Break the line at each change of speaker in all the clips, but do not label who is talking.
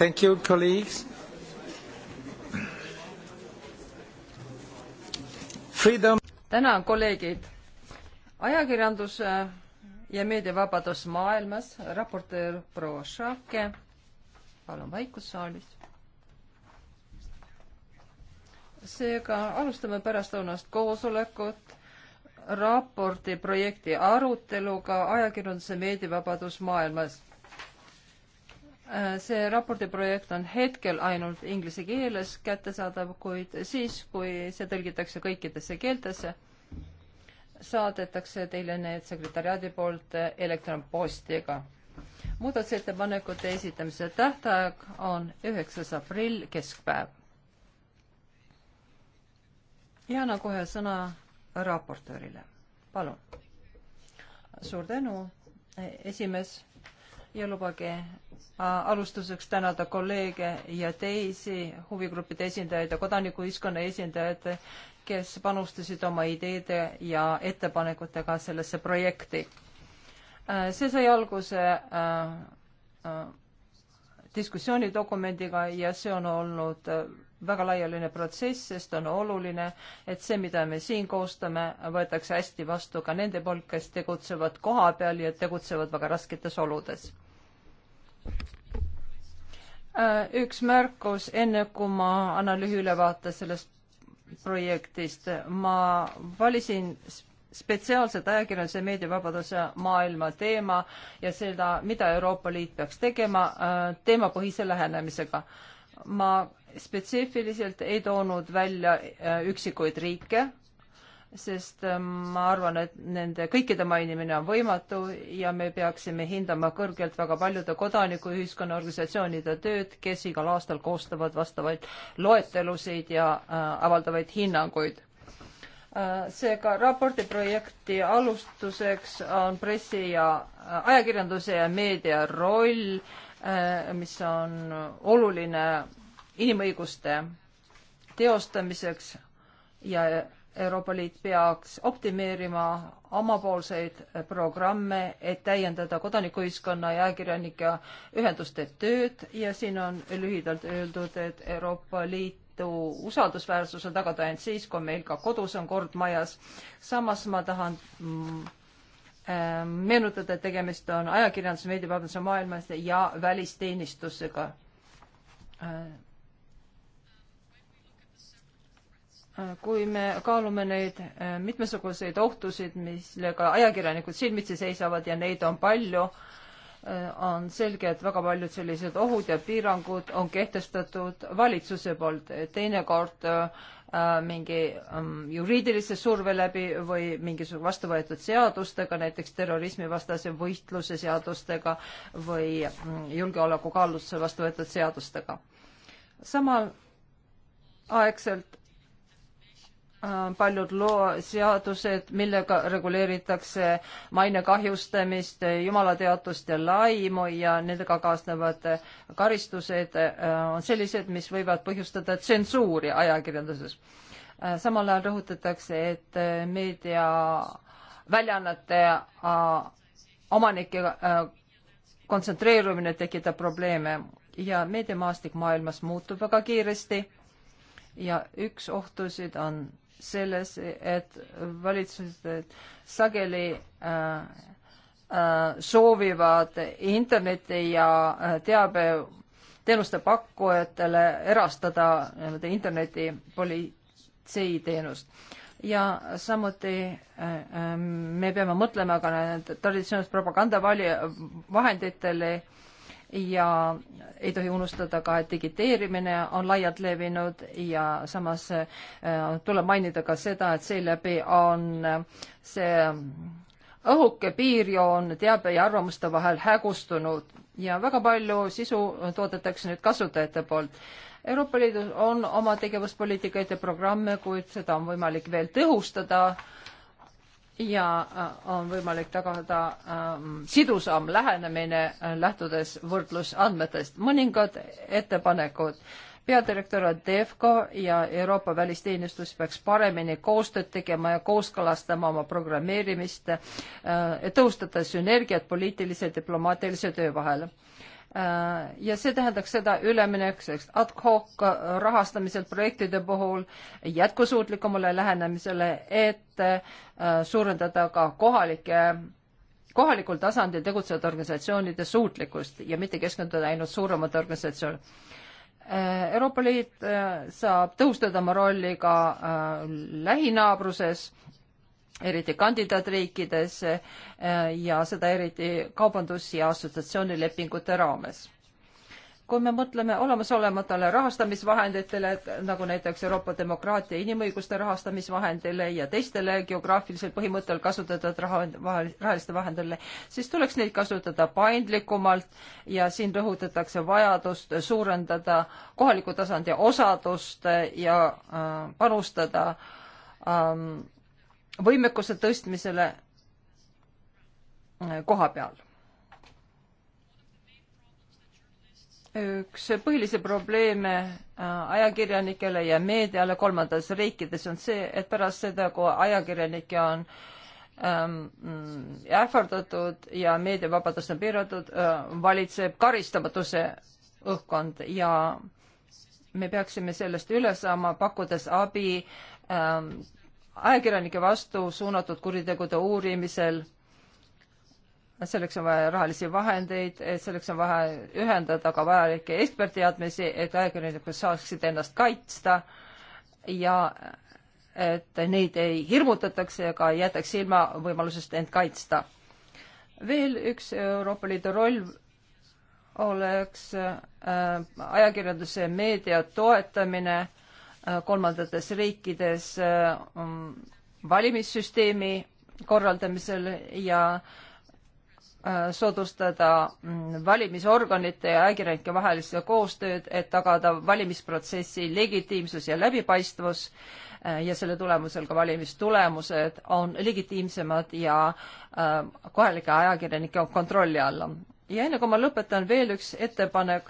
Thank you, colleagues.
Freedom. tänan, kolleegid. ajakirjandus äh, ja meediavabadus maailmas, raportöör proua Šake. palun vaikust saalis. seega alustame pärastlõunast koosolekut raporti projekti aruteluga ajakirjanduse meediavabadus maailmas Äh, see raporti projekt on hetkel ainult inglise keeles kättesaadav, kuid siis, kui see tõlgitakse kõikidesse keeltesse, saadetakse teile need sekretäriaadi poolt elektronpostiga. muudatusettepanekute esitamise tähtaeg on üheksas aprill, keskpäev. ja annan kohe sõna raportöörile, palun. suur tänu, esimees ja lubage äh, alustuseks tänada kolleege ja teisi huvigruppide esindajaid ja kodanikuühiskonna esindajaid, kes panustasid oma ideede ja ettepanekutega sellesse projekti. Äh, see sai alguse äh, diskussioonidokumendiga ja see on olnud väga laialine protsess, sest on oluline, et see, mida me siin koostame, võetakse hästi vastu ka nende poolt, kes tegutsevad kohapeal ja tegutsevad väga rasketes oludes Äh, üks märkus, enne kui ma annan lühiülevaate sellest projektist. ma valisin spetsiaalselt ajakirjanduse meediavabaduse maailma teema ja seda, mida Euroopa Liit peaks tegema äh, teemapõhise lähenemisega. ma spetsiifiliselt ei toonud välja äh, üksikuid riike, sest äh, ma arvan, et nende kõikide mainimine on võimatu ja me peaksime hindama kõrgelt väga paljude kodanikuühiskonna organisatsioonide tööd, kes igal aastal koostavad vastavaid loetelusid ja äh, avaldavaid hinnanguid. Äh, seega raporti projekti alustuseks on pressi ja ajakirjanduse ja meedia roll, mis on oluline inimõiguste teostamiseks ja Euroopa Liit peaks optimeerima omapoolseid programme, et täiendada kodanikuühiskonna ja ajakirjanike ühenduste tööd ja siin on lühidalt öeldud, et Euroopa Liit Liidu usaldusväärsus on tagada ainult siis, kui meil ka kodus on kord majas. samas ma tahan mm, äh, meenutada, et tegemist on ajakirjanduse, meediavabaduse maailmas ja välisteenistusega äh, kui me kaalume neid äh, mitmesuguseid ohtusid, millega ajakirjanikud silmitsi seisavad ja neid on palju, äh, on selge, et väga paljud sellised ohud ja piirangud on kehtestatud valitsuse poolt, teinekord äh, mingi mm, juriidilise surve läbi või mingisuguse vastu võetud seadustega, näiteks terrorismivastase võitluse seadustega või mm, julgeolekukaalutluse vastu võetud seadustega. samal aegselt Äh, paljud looseadused, millega reguleeritakse maine kahjustamist, jumalateadust ja laimu ja nendega kaasnevad karistused äh, on sellised, mis võivad põhjustada tsensuuri ajakirjanduses. Äh, samal ajal rõhutatakse, et meediaväljaannete omanike kontsentreerumine tekitab probleeme ja meediamaastik maailmas muutub väga kiiresti ja üks ohtusid on selles, et valitsused sageli äh, äh, soovivad interneti ja äh, teabe teenuste pakkujatele erastada nii-öelda internetipolitseiteenust ja samuti äh, äh, me peame mõtlema ka nende traditsiooniliste propagandavahenditele ja ei tohi unustada ka, et digiteerimine on laialt levinud ja samas äh, tuleb mainida ka seda, et seeläbi on äh, see õhuke piirjoon teabe ja arvamuste vahel hägustunud ja väga palju sisu toodetakse nüüd kasutajate poolt Euroopa Liidus on oma tegevuspoliitikaid ja programme, kuid seda on võimalik veel tõhustada ja äh, on võimalik tagada ähm, sidusam lähenemine äh, lähtudes võrdlusandmetest. mõningad ettepanekud. peadirektorat Defco ja Euroopa Välisteenistus peaks paremini koostööd tegema ja kooskõlastama oma programmeerimist äh,, tõustada sünergiat poliitilise ja diplomaatilise töö vahel äh, Äh, ja see tähendaks seda üleminekuks ad hoc äh, rahastamiselt projektide puhul jätkusuutlikumale lähenemisele, et äh, suurendada ka kohalike kohalikul tasandil tegutsevate organisatsioonide suutlikkust ja mitte keskenduda ainult suuremate organisatsioonidele. Euroopa Liit saab tõhustada oma rolli ka lähinaabruses eriti kandidaatriikides eh, ja seda eriti kaubandus- ja assotsiatsioonilepingute raames kui me mõtleme olemasolevatele rahastamisvahenditele, nagu näiteks Euroopa demokraatia inimõiguste rahastamisvahendile ja teistele geograafilisel põhimõttel kasutatud raha, rahaliste vahendile, siis tuleks neid kasutada paindlikumalt ja siin rõhutatakse vajadust suurendada kohaliku tasandi osadust ja äh, panustada ähm, võimekuse tõstmisele äh, koha peal. üks põhilisi probleeme äh, ajakirjanikele ja meediale kolmandates riikides on see, et pärast seda, kui ajakirjanikke on ähm, mm, ähvardatud ja meediavabadust on piiratud, äh, valitseb karistamatuse õhkkond ja me peaksime sellest üle saama, pakkudes abi ähm, ajakirjanike vastu suunatud kuritegude uurimisel. selleks on vaja rahalisi vahendeid, selleks on vaja ühendada ka vajalikke ekspertteadmisi, et ajakirjanikud saaksid ennast kaitsta ja et neid ei hirmutataks ega jätaks ilma võimalusest end kaitsta. veel üks Euroopa Liidu roll oleks äh, ajakirjanduse meedia toetamine Äh, kolmandates riikides äh, mm, valimissüsteemi korraldamisel ja äh, soodustada mm, valimisorganite ja ajakirjanike vahelist koostööd, et tagada valimisprotsessi legitiimsus ja läbipaistvus ja selle tulemusel ka valimistulemused on legitiimsemad ja kohalike ajakirjanike kontrolli alla. ja enne kui ma lõpetan, veel üks ettepanek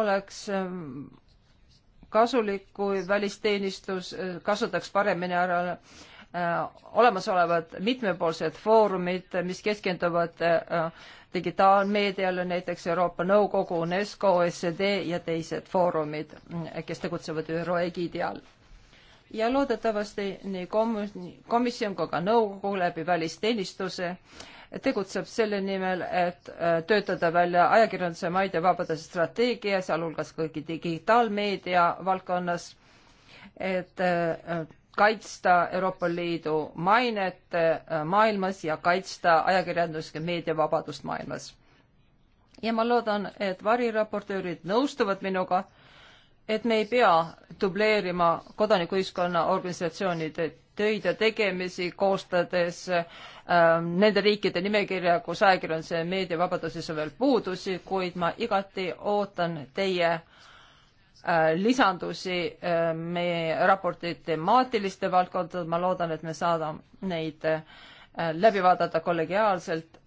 oleks ähm, kasulik, kui välisteenistus äh, kasutaks paremini ära äh, olemasolevad mitmepoolsed foorumid, mis keskenduvad äh, digitaalmeediale, näiteks Euroopa Nõukogu, UNESCO, OECD ja teised foorumid, kes tegutsevad ÜRO egiidi all. ja loodetavasti nii kom-, komisjon kui ka nõukogu läbi välisteenistuse äh, tegutseb selle nimel, et äh, töötada välja ajakirjanduse maide vabade strateegia, sealhulgas kõigi digitaalmeedia valdkonnas, et äh, kaitsta Euroopa Liidu mainet äh, maailmas ja kaitsta ajakirjandus- ja meediavabadust maailmas. ja ma loodan, et variraportöörid nõustuvad minuga, et me ei pea dubleerima kodanikuühiskonna organisatsioonide töid ja tegemisi koostades äh, nende riikide nimekirja, kus ajakirjanduse ja meediavabaduses on veel puudusi, kuid ma igati ootan teie äh, lisandusi äh, meie raporti temaatiliste valdkondade, ma loodan, et me saadame neid äh, läbi vaadata kollegiaalselt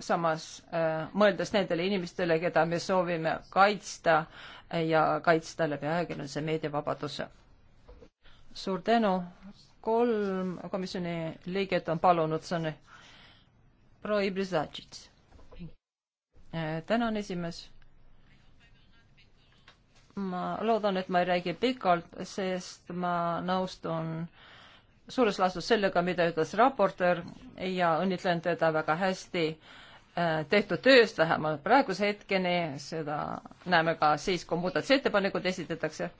samas äh, mõeldes nendele inimestele, keda me soovime kaitsta ja kaitsta läbi ajakirjanduse meediavabaduse suur tänu, kolm komisjoni liiget on palunud sõna. proua Ibrisatšits. tänan, esimees. ma loodan, et ma ei räägi pikalt, sest ma nõustun suures laastus sellega, mida ütles raportöör ja õnnitlen teda väga hästi äh, tehtud tööst, vähemalt praeguse hetkeni, seda näeme ka siis, kui muudatusettepanekud esitatakse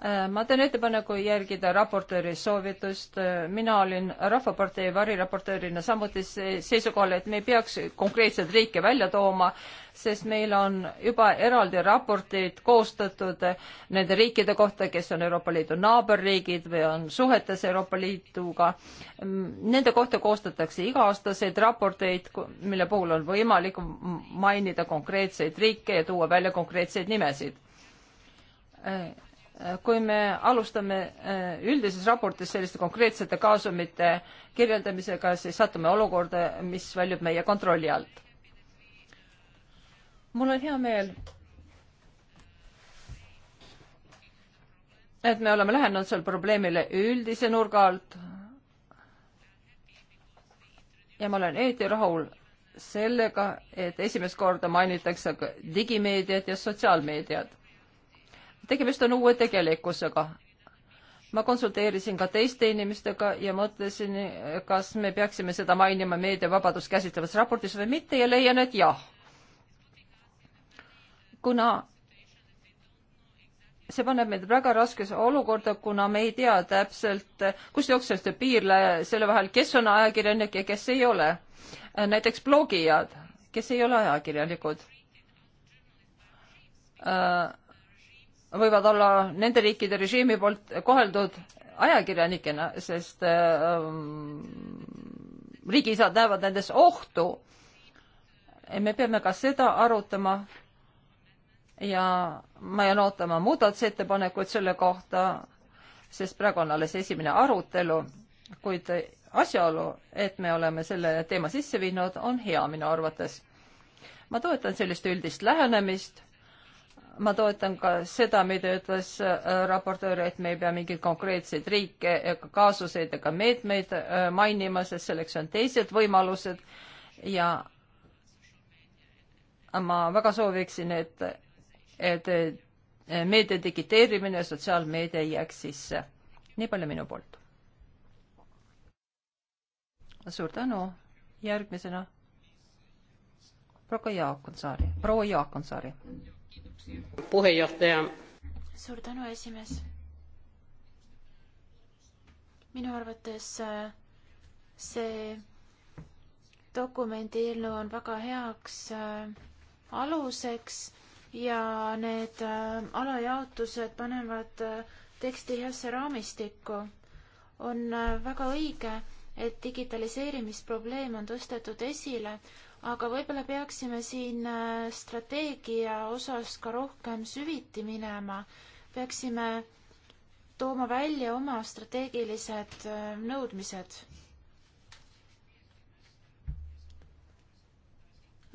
Äh, ma teen ettepaneku järgida raportööri soovitust. Äh, mina olin Rahvapartei variraportöörina samuti seisukohal, et me ei peaks konkreetseid riike välja tooma, sest meil on juba eraldi raportid koostatud nende riikide kohta, kes on Euroopa Liidu naaberriigid või on suhetes Euroopa Liiduga. Nende kohta koostatakse iga-aastaseid raporteid, mille puhul on võimalik mainida konkreetseid riike ja tuua välja konkreetseid nimesid äh, kui me alustame äh, üldises raportis selliste konkreetsete kaasumite kirjeldamisega, siis satume olukorda, mis väljub meie kontrolli alt. mul on hea meel, et me oleme lähenenud sellele probleemile üldise nurga alt. ja ma olen eriti rahul sellega, et esimest korda mainitakse digimeediat ja sotsiaalmeediat tegemist on uue tegelikkusega. ma konsulteerisin ka teiste inimestega ja mõtlesin, kas me peaksime seda mainima meediavabadust käsitlevas raportis või mitte ja leian, et jah. kuna see paneb meid väga raskesse olukorda, kuna me ei tea täpselt, kus jookseb see piir selle vahel, kes on ajakirjanik ja kes ei ole. näiteks blogijad, kes ei ole ajakirjanikud äh, võivad olla nende riikide režiimi poolt koheldud ajakirjanikena, sest äh, riigiisad näevad nendes ohtu. me peame ka seda arutama ja ma jään ootama muudatusettepanekuid selle kohta, sest praegu on alles esimene arutelu, kuid asjaolu, et me oleme selle teema sisse viinud, on hea minu arvates. ma toetan sellist üldist lähenemist ma toetan ka seda, mida ütles äh, raportöör, et me ei pea mingeid konkreetseid riike ega kaasuseid ega meetmeid äh, mainima, sest selleks on teised võimalused ja ma väga sooviksin, et, et äh, meedia digiteerimine, sotsiaalmeedia ei jääks sisse. nii palju minu poolt. suur tänu, järgmisena Proua Jaakonsaari, proua Jaakonsaari
puhejuhataja. suur tänu, esimees. minu arvates äh, see dokumendi eelnõu on väga heaks äh, aluseks ja need äh, alajaotused panevad teksti heasse raamistikku. on väga õige, et digitaliseerimisprobleem on tõstetud esile, aga võib-olla peaksime siin äh, strateegia osas ka rohkem süviti minema, peaksime tooma välja oma strateegilised äh, nõudmised.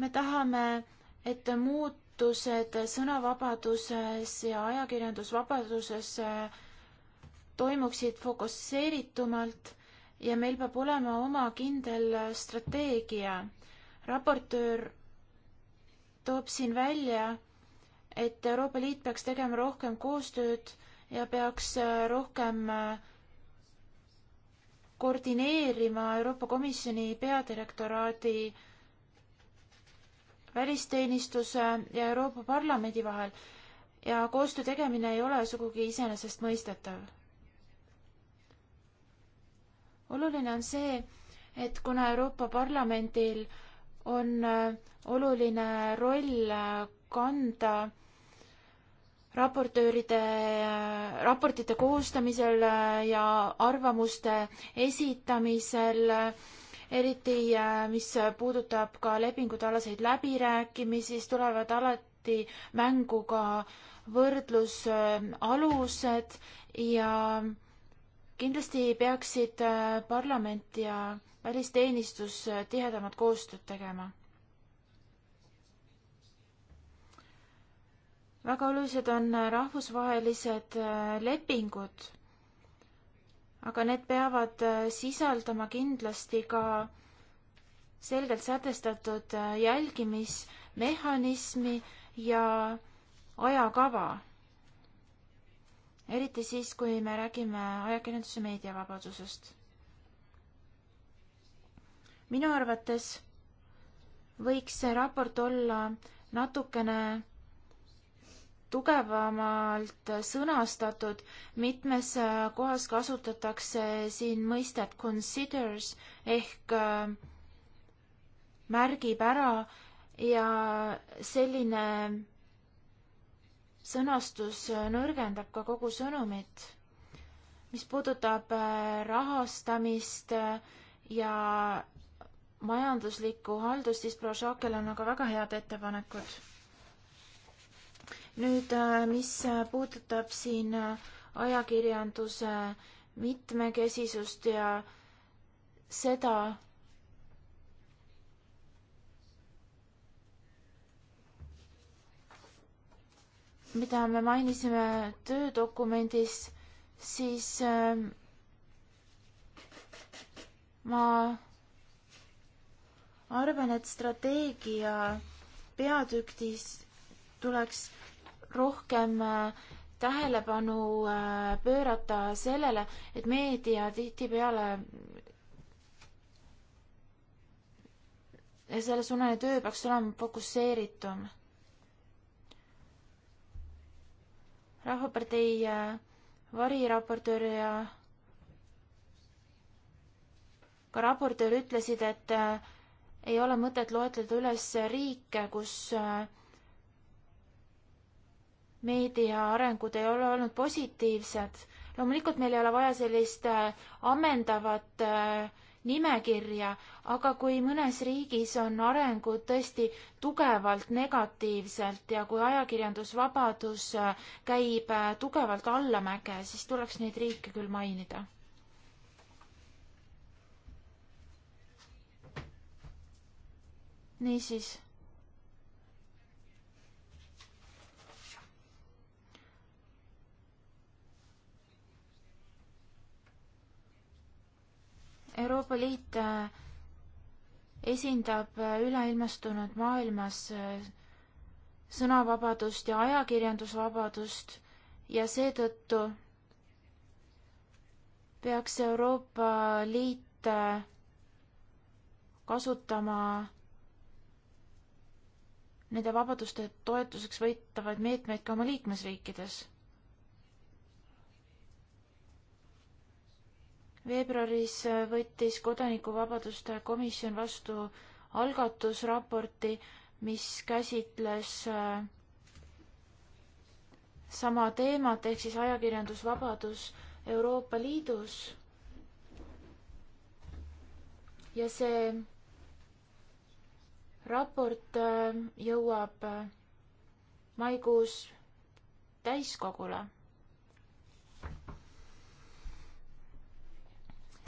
me tahame, et muutused sõnavabaduses ja ajakirjandusvabaduses äh, toimuksid fokusseeritumalt ja meil peab olema oma kindel strateegia raportöör toob siin välja, et Euroopa Liit peaks tegema rohkem koostööd ja peaks äh, rohkem äh, koordineerima Euroopa Komisjoni peadirektoraadi välisteenistuse ja Euroopa Parlamendi vahel ja koostöö tegemine ei ole sugugi iseenesestmõistetav. oluline on see, et kuna Euroopa Parlamendil on äh, oluline roll äh, kanda raportööride, äh, raportite koostamisel ja arvamuste esitamisel, eriti mis puudutab ka lepingutealaseid läbirääkimisi, siis tulevad alati mängu ka võrdlusalused ja kindlasti peaksid parlament ja välisteenistus äh, tihedamat koostööd tegema. väga olulised on äh, rahvusvahelised äh, lepingud, aga need peavad sisaldama kindlasti ka selgelt sätestatud jälgimismehhanismi ja ajakava eriti siis, kui me räägime ajakirjanduse meediavabadusest minu arvates võiks see raport olla natukene tugevamalt sõnastatud. mitmes kohas kasutatakse siin mõistet considers ehk äh, märgib ära ja selline sõnastus nõrgendab ka kogu sõnumit. mis puudutab äh, rahastamist äh, ja majanduslikku haldust, siis Prožakel on aga väga head ettepanekud. nüüd, äh, mis puudutab siin äh, ajakirjanduse mitmekesisust ja seda, mida me mainisime töödokumendis, siis äh, ma arvan, et strateegia peatüktis tuleks rohkem äh, tähelepanu äh, pöörata sellele, et meedia tihtipeale ja sellesuunaline töö peaks olema fokusseeritum. rahvapartei äh, variraportöör ja ka raportöör ütlesid, et ei ole mõtet loetleda üles riike, kus äh, meedia arengud ei ole olnud positiivsed. loomulikult meil ei ole vaja sellist äh, ammendavat äh, nimekirja, aga kui mõnes riigis on arengud tõesti tugevalt negatiivselt ja kui ajakirjandusvabadus käib tugevalt allamäge, siis tuleks neid riike küll mainida niisiis. Euroopa Liit äh, esindab äh, üleilmastunud maailmas äh, sõnavabadust ja ajakirjandusvabadust ja seetõttu peaks Euroopa Liit kasutama nende vabaduste toetuseks võitavaid meetmeid ka oma liikmesriikides. veebruaris võttis Kodanikuvabaduste komisjon vastu algatusraporti, mis käsitles äh, sama teemat ehk siis ajakirjandusvabadus Euroopa Liidus. ja see raport äh, jõuab äh, maikuus täiskogule.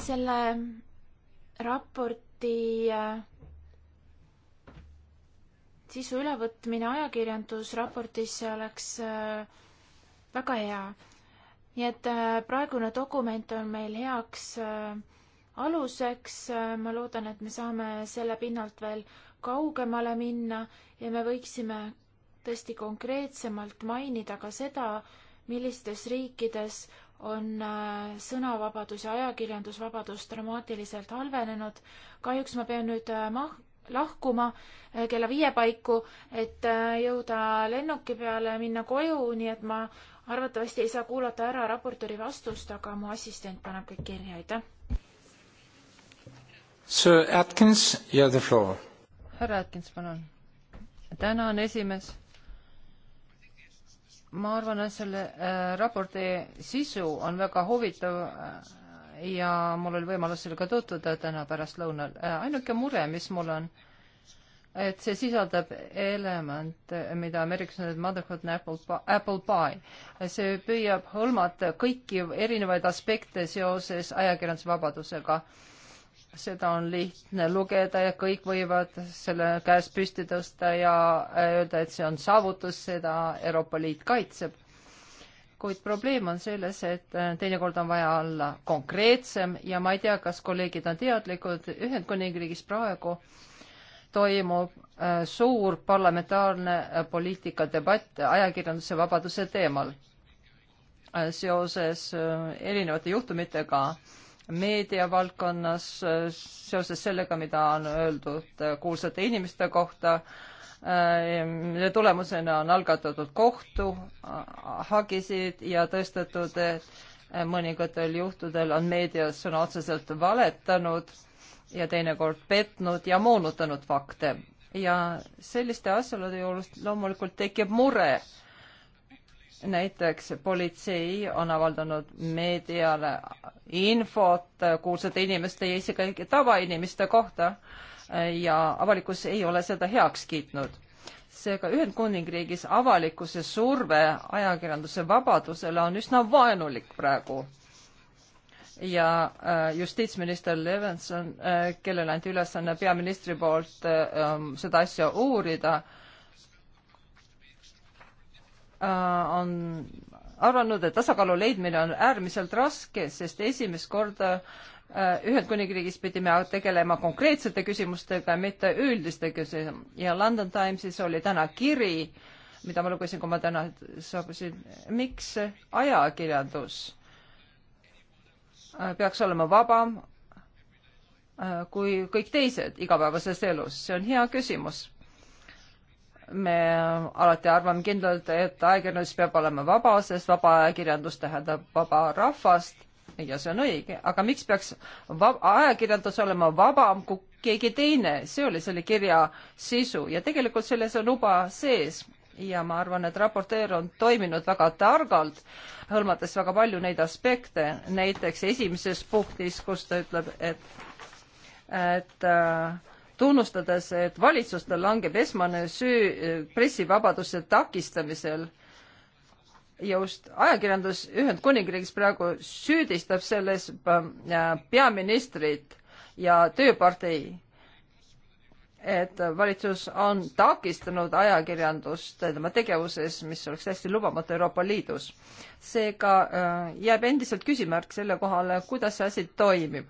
selle raporti äh, sisu ülevõtmine ajakirjandusraportisse oleks väga hea. nii et praegune dokument on meil heaks aluseks, ma loodan, et me saame selle pinnalt veel kaugemale minna ja me võiksime tõesti konkreetsemalt mainida ka seda, millistes riikides on äh, sõnavabadus ja ajakirjandusvabadus dramaatiliselt halvenenud. kahjuks ma pean nüüd äh, mah-, lahkuma äh, kella viie paiku, et jõuda lennuki peale, minna koju, nii et ma arvatavasti ei saa kuulata ära raportööri vastust, aga mu assistent paneb kõik kirja, aitäh.
Sir Atkins, you have the floor
härra Atkins, palun. tänan, esimees. ma arvan, et selle äh, raporti sisu on väga huvitav äh, ja mul oli võimalus sellega tutvuda täna pärastlõunal äh,. ainuke mure, mis mul on, et see sisaldab elemente, mida ameeriklased motherhood on apple, apple pie. see püüab hõlmata kõiki erinevaid aspekte seoses ajakirjandusvabadusega äh, seda on lihtne lugeda ja kõik võivad selle käes püsti tõsta ja öelda, et see on saavutus, seda Euroopa Liit kaitseb. kuid probleem on selles, et äh, teinekord on vaja olla konkreetsem ja ma ei tea, kas kolleegid on teadlikud, Ühendkuningriigis praegu toimub äh, suur parlamentaarne äh, poliitikadebatt ajakirjanduse vabaduse teemal seoses erinevate juhtumitega meediavaldkonnas äh, seoses sellega, mida on öeldud äh, kuulsate inimeste kohta. Äh, mille tulemusena on algatatud kohtuhagisid ja tõstetud, et mõningatel juhtudel on meedias sõna otseselt valetanud ja teinekord petnud ja moonutanud fakte ja selliste asjaolude juures loomulikult tekib mure äh, näiteks politsei on avaldanud meediale infot kuulsate inimeste ja isegi tavainimeste kohta ja avalikkus ei ole seda heaks kiitnud. seega Ühendkuningriigis avalikkuse surve ajakirjanduse vabadusele on üsna vaenulik praegu ja äh, justiitsminister Levenson, äh, kellele anti ülesanne peaministri poolt äh, seda asja uurida, Äh, on arvanud, et tasakaalu leidmine on äärmiselt raske, sest esimest korda äh, Ühendkuningriigis pidime tegelema konkreetsete küsimustega, mitte üldiste küsimustega ja London Timesis oli täna kiri, mida ma lugesin, kui ma täna saabusin, miks ajakirjandus äh, peaks olema vabam kui kõik teised igapäevases elus, see on hea küsimus me alati arvame kindlalt, et ajakirjandus peab olema vaba, sest vaba ajakirjandus tähendab vaba rahvast ja see on õige, aga miks peaks ajakirjandus olema vabam kui keegi teine, see oli selle kirja sisu ja tegelikult selles on luba sees ja ma arvan, et raporteer on toiminud väga targalt, hõlmates väga palju neid aspekte, näiteks esimeses punktis, kus ta ütleb, et et äh, tunnustades, et valitsustel langeb esmane süü eh, pressivabaduse takistamisel. just ajakirjandus Ühendkuningriigis praegu süüdistab selles eh, peaministrit ja tööpartei, et valitsus on takistanud ajakirjandust tema tegevuses, mis oleks täiesti lubamatu Euroopa Liidus. seega eh, jääb endiselt küsimärk selle kohale, kuidas see asi toimib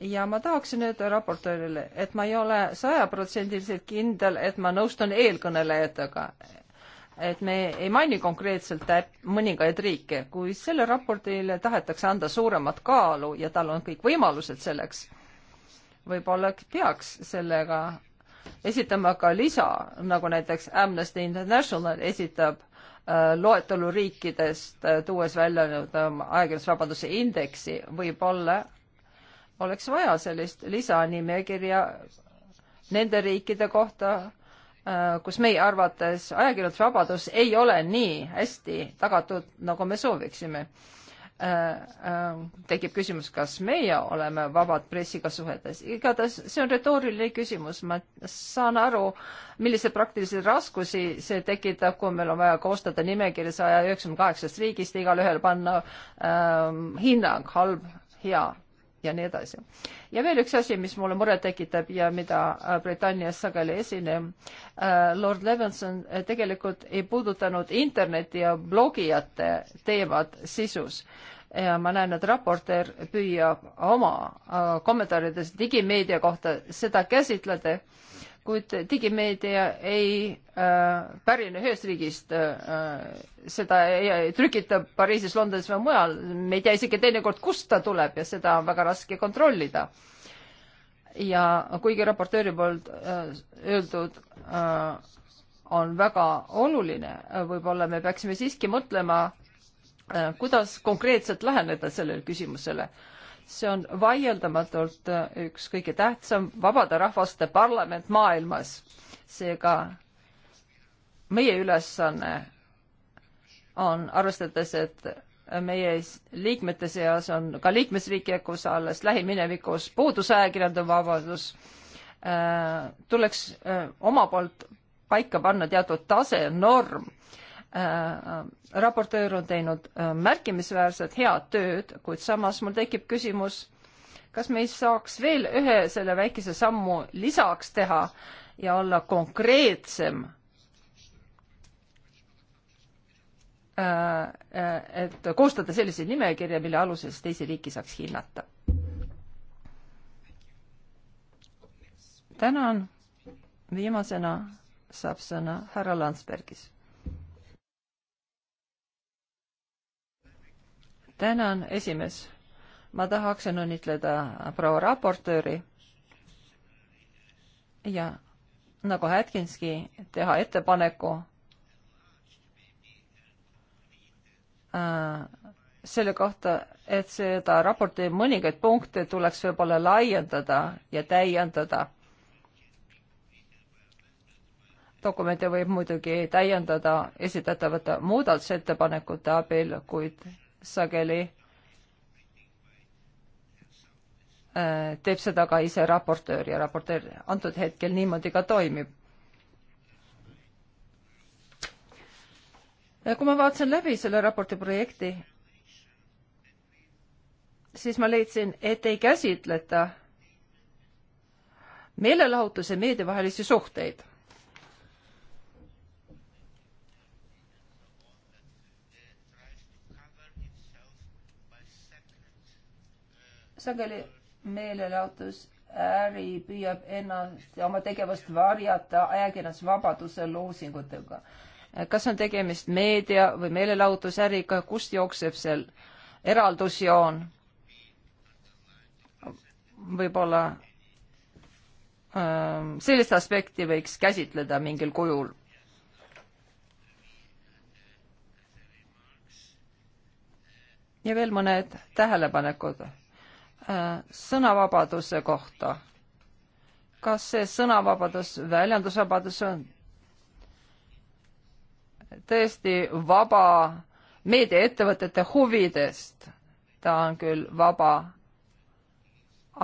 ja ma tahaksin öelda raportöörile, et ma ei ole sajaprotsendiliselt kindel, et ma nõustun eelkõnelejatega, et me ei maini konkreetselt mõningaid riike, kui selle raportile tahetakse anda suuremat kaalu ja tal on kõik võimalused selleks, võib-olla peaks sellega esitama ka lisa, nagu näiteks Amnesty International esitab äh, loetelu riikidest, äh, tuues välja nii-öelda äh, ajakirjandusvabaduse indeksi, võib-olla oleks vaja sellist lisanimekirja nende riikide kohta, äh, kus meie arvates ajakirjandusvabadus ei ole nii hästi tagatud, nagu me sooviksime. Äh, äh, tekib küsimus, kas meie oleme vabad pressiga suheldes. igatahes see on retooriline küsimus, ma saan aru, milliseid praktilisi raskusi see tekitab, kui meil on vaja koostada nimekiri saja üheksakümne kaheksast riigist ja igalühel panna ähm, hinnang halb, hea ja nii edasi. ja veel üks asi, mis mulle muret tekitab ja mida äh, Britannias sageli esineb, äh, Lord Levinson äh, tegelikult ei puudutanud interneti ja blogijate teemat sisus ja ma näen, et raporter püüab oma kommentaarides digimeedia kohta seda käsitleda kuid digimeedia ei äh, pärine ühest riigist äh,, seda ei, ei trükita Pariisis, Londonis või mujal, me ei tea isegi teinekord, kust ta tuleb ja seda on väga raske kontrollida. ja kuigi raportööri poolt äh, öeldud äh, on väga oluline, äh, võib-olla me peaksime siiski mõtlema äh,, kuidas konkreetselt läheneda sellele küsimusele äh, see on vaieldamatult äh, üks kõige tähtsam vabade rahvaste parlament maailmas. seega meie ülesanne on, arvestades, et meie liikmete seas on ka liikmesriike, kus alles lähiminevikus puudus ajakirjandusvabadus, äh, tuleks äh, oma poolt paika panna teatud tase, norm Äh, äh, raportöör on teinud äh, märkimisväärselt head tööd, kuid samas mul tekib küsimus, kas me ei saaks veel ühe selle väikese sammu lisaks teha ja olla konkreetsem et koostada selliseid nimekirja, mille alusel siis teisi riike saaks hinnata. tänan. viimasena saab sõna härra Landsbergis. tänan, esimees. ma tahaksin õnnitleda proua raportööri ja nagu Hätkinski teha ettepaneku äh, selle kohta, et seda raporti mõningaid punkte tuleks võib-olla laiendada ja täiendada. dokumente võib muidugi täiendada esitatavate muudatusettepanekute abil, kuid sageli äh, teeb seda ka ise raportöör ja raportöör antud hetkel niimoodi ka toimib. kui ma vaatasin läbi selle raporti projekti, siis ma leidsin, et ei käsitleta meelelahutuse meediavahelisi suhteid sageli meelelahutus äri püüab ennast ja oma tegevust varjata ajakirjandusvabaduse loosingutega. kas on tegemist meedia või meelelahutusäriga, kust jookseb seal eraldusjoon? võib-olla ähm, sellist aspekti võiks käsitleda mingil kujul. ja veel mõned tähelepanekud Äh, sõnavabaduse kohta. kas see sõnavabadus, väljendusvabadus on tõesti vaba meediaettevõtete huvidest? ta on küll vaba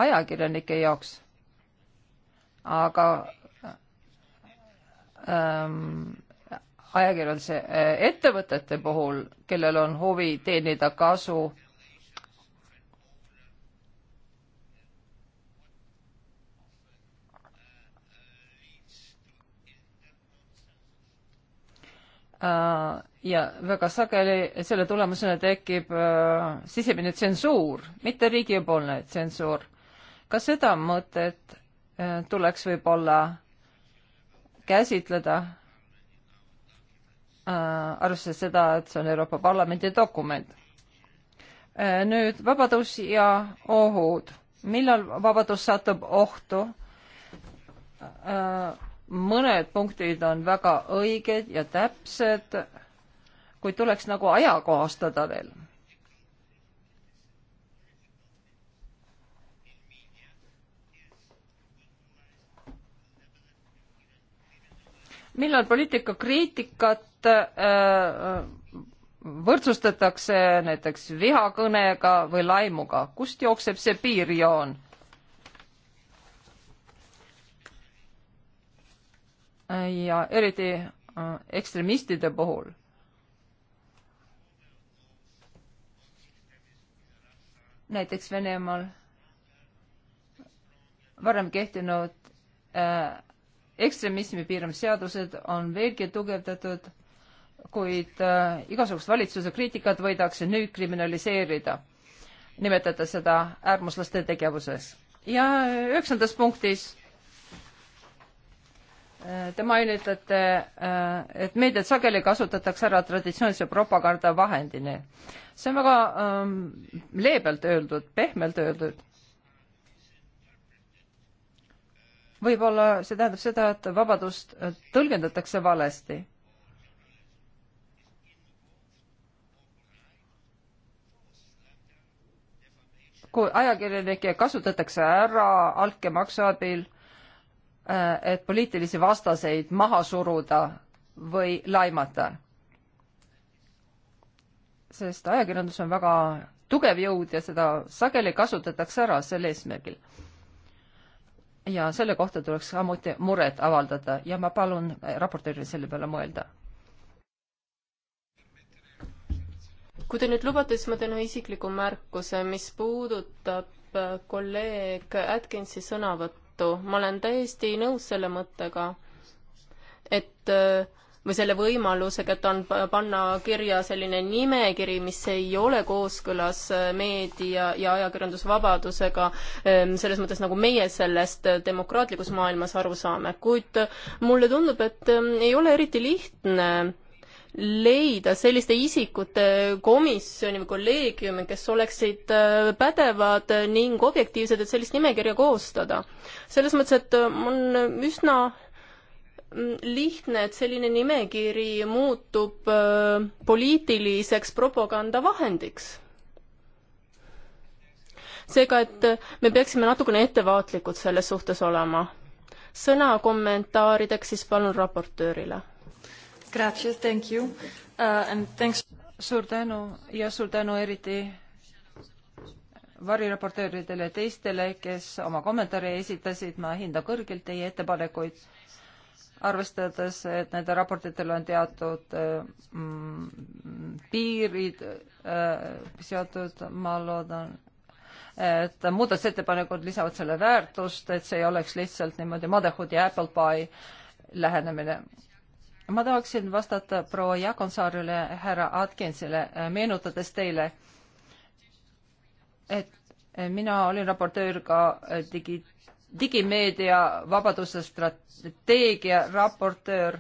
ajakirjanike jaoks, aga ähm, ajakirjanduse äh, ettevõtete puhul, kellel on huvi teenida kasu äh, Äh, ja väga sageli selle tulemusena tekib äh, sisemine tsensuur, mitte riigipoolne tsensuur. ka seda mõtet äh, tuleks võib-olla käsitleda, arvestades seda, et see on Euroopa Parlamendi dokument. nüüd vabadus ja ohud. millal vabadus satub ohtu? mõned punktid on väga õiged ja täpsed, kuid tuleks nagu ajakohastada veel. millal poliitika kriitikat äh, võrdsustatakse näiteks vihakõnega või laimuga, kust jookseb see piirjoon? ja eriti äh, ekstremistide puhul. näiteks Venemaal varem kehtinud äh, ekstremismi piiramisseadused on veelgi tugevdatud, kuid äh, igasugust valitsuse kriitikat võidakse nüüd kriminaliseerida, nimetada seda äärmuslaste tegevuses. ja üheksandas punktis Te mainisite, äh, et meediat sageli kasutatakse ära traditsioonilise propaganda vahendina. see on väga ähm, leebelt öeldud, pehmelt öeldud. võib-olla see tähendab seda, et vabadust äh, tõlgendatakse valesti. kui ajakirjanikke kasutatakse ära altkäemaksu abil Äh, et poliitilisi vastaseid maha suruda või laimata. sest ajakirjandus on väga tugev jõud ja seda sageli kasutatakse ära sel eesmärgil. ja selle kohta tuleks samuti muret avaldada ja ma palun äh, raportööril selle peale mõelda.
kui te nüüd lubate, siis ma teen ühe isikliku märkuse, mis puudutab äh, kolleeg Atkinsi sõnavõttu tõttu ma olen täiesti nõus selle mõttega, et äh, või selle võimalusega, et on panna kirja selline nimekiri, mis ei ole kooskõlas äh, meedia ja ajakirjandusvabadusega, ähm, selles mõttes nagu meie sellest äh, demokraatlikus maailmas aru saame, kuid mulle tundub, et ähm, ei ole eriti lihtne leida selliste isikute komisjoni või kolleegiumi, kes oleksid äh, pädevad ning objektiivsed, et sellist nimekirja koostada. selles mõttes, et äh, on üsna mm, lihtne, et selline nimekiri muutub äh, poliitiliseks propagandavahendiks. seega, et me peaksime natukene ettevaatlikud selles suhtes olema. sõna kommentaarideks siis palun raportöörile Grazie, thank you uh, and thanks. suur tänu ja suur
tänu eriti variraportööridele ja teistele, kes oma kommentaare esitasid, ma hindan kõrgelt teie ettepanekuid, arvestades, et nendel raportitel on teatud mm, piirid äh, seatud, ma loodan, et muudatusettepanekud lisavad selle väärtust, et see ei oleks lihtsalt niimoodi motherhood ja apple pie lähenemine ma tahaksin vastata proua Jakonsaarile, härra Atkinsile, äh, meenutades teile, et äh, mina olin raportöör ka äh, digi, digimeedia vabaduse strateegia raportöör,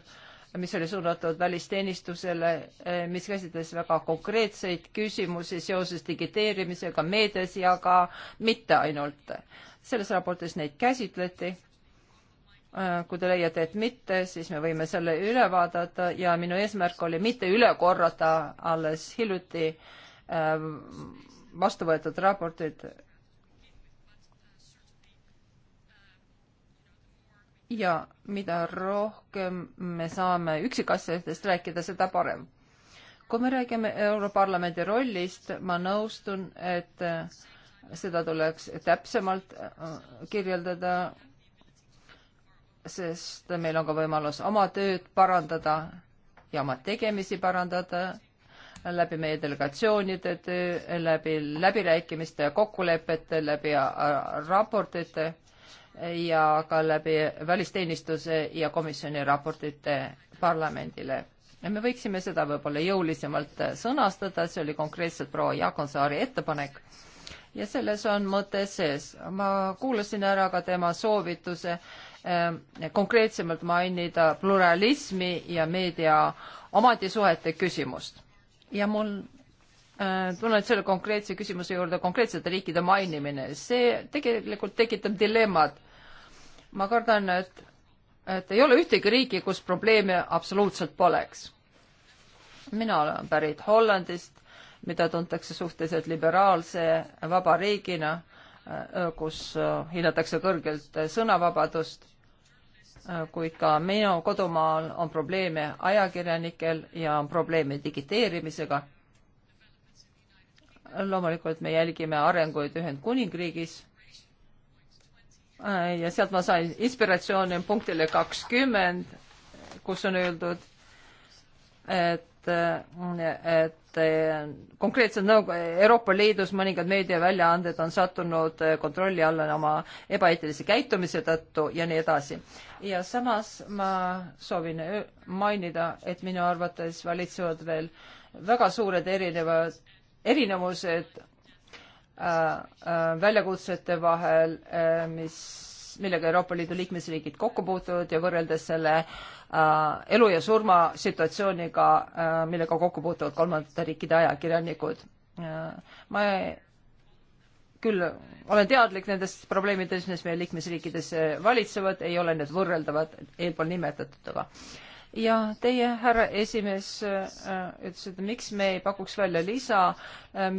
mis oli suunatud välisteenistusele, mis käsitles väga konkreetseid küsimusi seoses digiteerimisega meedias ja ka mitte ainult. selles raportis neid käsitleti Äh, kui te leiate, et mitte, siis me võime selle üle vaadata ja minu eesmärk oli mitte üle korrata alles hiljuti äh, vastu võetud raportid. ja mida rohkem me saame üksikasjadest rääkida, seda parem. kui me räägime Europarlamendi rollist, ma nõustun, et seda tuleks täpsemalt äh, kirjeldada sest meil on ka võimalus oma tööd parandada ja oma tegemisi parandada läbi meie delegatsioonide töö, läbi läbirääkimiste ja kokkulepete, läbi raportite ja ka läbi välisteenistuse ja komisjoni raportite parlamendile. me võiksime seda võib-olla jõulisemalt sõnastada, see oli konkreetselt proua Jaakonsaari ettepanek ja selles on mõte sees. ma kuulasin ära ka tema soovituse Ehm, konkreetsemalt mainida pluralismi ja meedia omandisuhete küsimust. ja mul äh, tulen selle konkreetse küsimuse juurde, konkreetsete riikide mainimine, see tegelikult tekitab dilemmad. ma kardan, et, et ei ole ühtegi riiki, kus probleeme absoluutselt poleks. mina olen pärit Hollandist, mida tuntakse suhteliselt liberaalse vaba riigina, äh, kus äh, hinnatakse kõrgelt sõnavabadust Äh, kuid ka minu kodumaal on probleeme ajakirjanikel ja on probleeme digiteerimisega. loomulikult me jälgime arenguid Ühendkuningriigis. Äh, ja sealt ma sain inspiratsiooni punktile kakskümmend, kus on öeldud, et, et et eh, konkreetselt nõu-, nagu Euroopa Liidus mõningad meediaväljaanded on sattunud eh, kontrolli alla oma ebaeetilise käitumise tõttu ja nii edasi. ja samas ma soovin eh, mainida, et minu arvates valitsevad veel väga suured erinevad, erinevused äh, äh, väljakutsete vahel äh,, mis, millega Euroopa Liidu liikmesriigid kokku puutuvad ja võrreldes selle äh, Äh, elu ja surma situatsiooniga, äh, millega kokku puutuvad kolmandate riikide ajakirjanikud. Äh, ma küll olen teadlik nendest probleemidest, mis meil liikmesriikides valitsevad, ei ole need võrreldavad eelpool nimetatutega. ja teie, härra esimees, ütlesite, miks me ei pakuks välja lisa,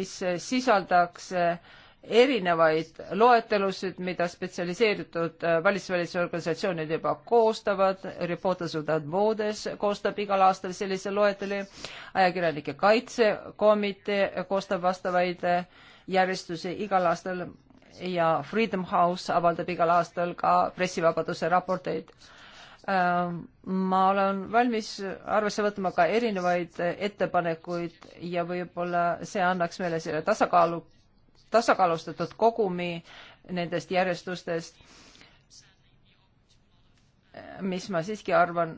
mis sisaldaks äh, erinevaid loetelusid, mida spetsialiseeritud äh, valitsusvälisorganisatsioonid juba koostavad, Reporter Without Borders koostab igal aastal sellise loetelu, ajakirjanike kaitsekomitee koostab vastavaid äh, järjestusi igal aastal ja Freedom House avaldab igal aastal ka pressivabaduse raporteid äh, ma olen valmis arvesse võtma ka erinevaid ettepanekuid ja võib-olla see annaks meile selle tasakaalu tasakaalustatud kogumi nendest järjestustest, mis ma siiski arvan,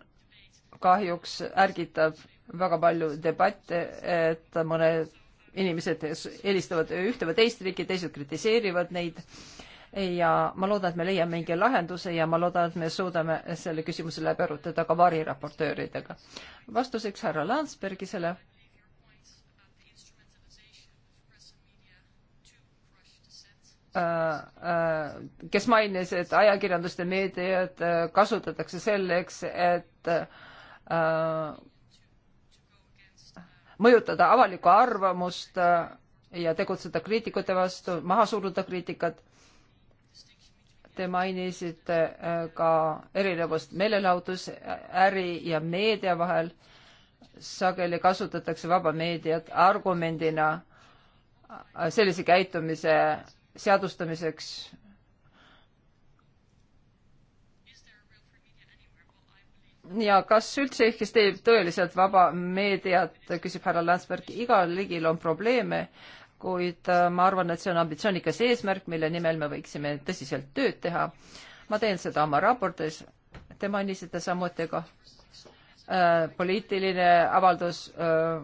kahjuks ärgitab väga palju debatte, et mõned inimesed eelistavad ühte või teist riiki, teised kritiseerivad neid ja ma loodan, et me leiame mingi lahenduse ja ma loodan, et me suudame selle küsimuse läbi arutada ka variraportööridega. vastuseks härra Landsbergisele Äh, äh, kes mainis, et ajakirjandust ja meediat äh, kasutatakse selleks, et mõjutada avalikku arvamust ja tegutseda kriitikute vastu, maha suruda kriitikat. Te mainisite ka erinevust meelelahutusäri ja meedia vahel. sageli kasutatakse vaba meediat argumendina sellise käitumise seadustamiseks ja kas üldse eksisteerib tõeliselt vaba meediat, küsib härra Landsberg, igal ligil on probleeme, kuid äh, ma arvan, et see on ambitsioonikas eesmärk, mille nimel me võiksime tõsiselt tööd teha. ma teen seda oma raportis, te mainisite samuti ka äh, poliitiline avaldus äh,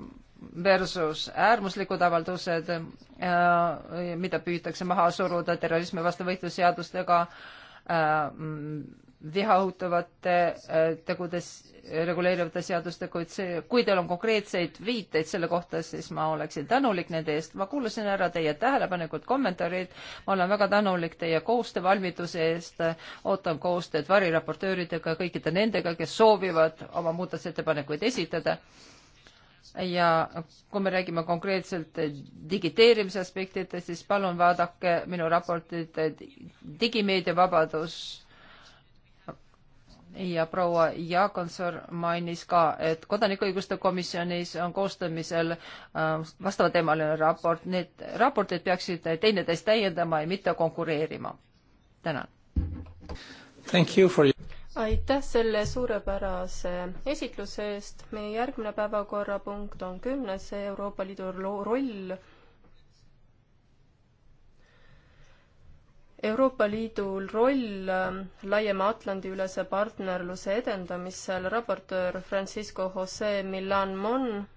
versus äärmuslikud avaldused, äh, mida püütakse maha suruda terrorismi vastu võitlusseadustega, äh, viha õhutavate äh, tegudes reguleerivate seaduste, kuid see, kui teil on konkreetseid viiteid selle kohta, siis ma oleksin tänulik nende eest. ma kuulasin ära teie tähelepanekud, kommentaarid, ma olen väga tänulik teie koostöövalmiduse eest, ootan koostööd variraportööridega, kõikide nendega, kes soovivad oma muudatusettepanekuid esitada ja kui me räägime konkreetselt digiteerimise aspektidest, siis palun vaadake minu raportit Digimeediavabadus ja proua Jaakonson mainis ka, et kodanikuõiguste komisjonis on koostamisel äh, vastavateemaline raport, need raportid peaksid teineteist täiendama ja mitte konkureerima. tänan. You your
aitäh selle suurepärase esitluse eest. meie järgmine päevakorrapunkt on kümnes Euroopa Liidu roll Euroopa Liidu roll ähm, laiema Atlandi-ülese partnerluse edendamisel, raportöör Francisco Jose Milan Mon.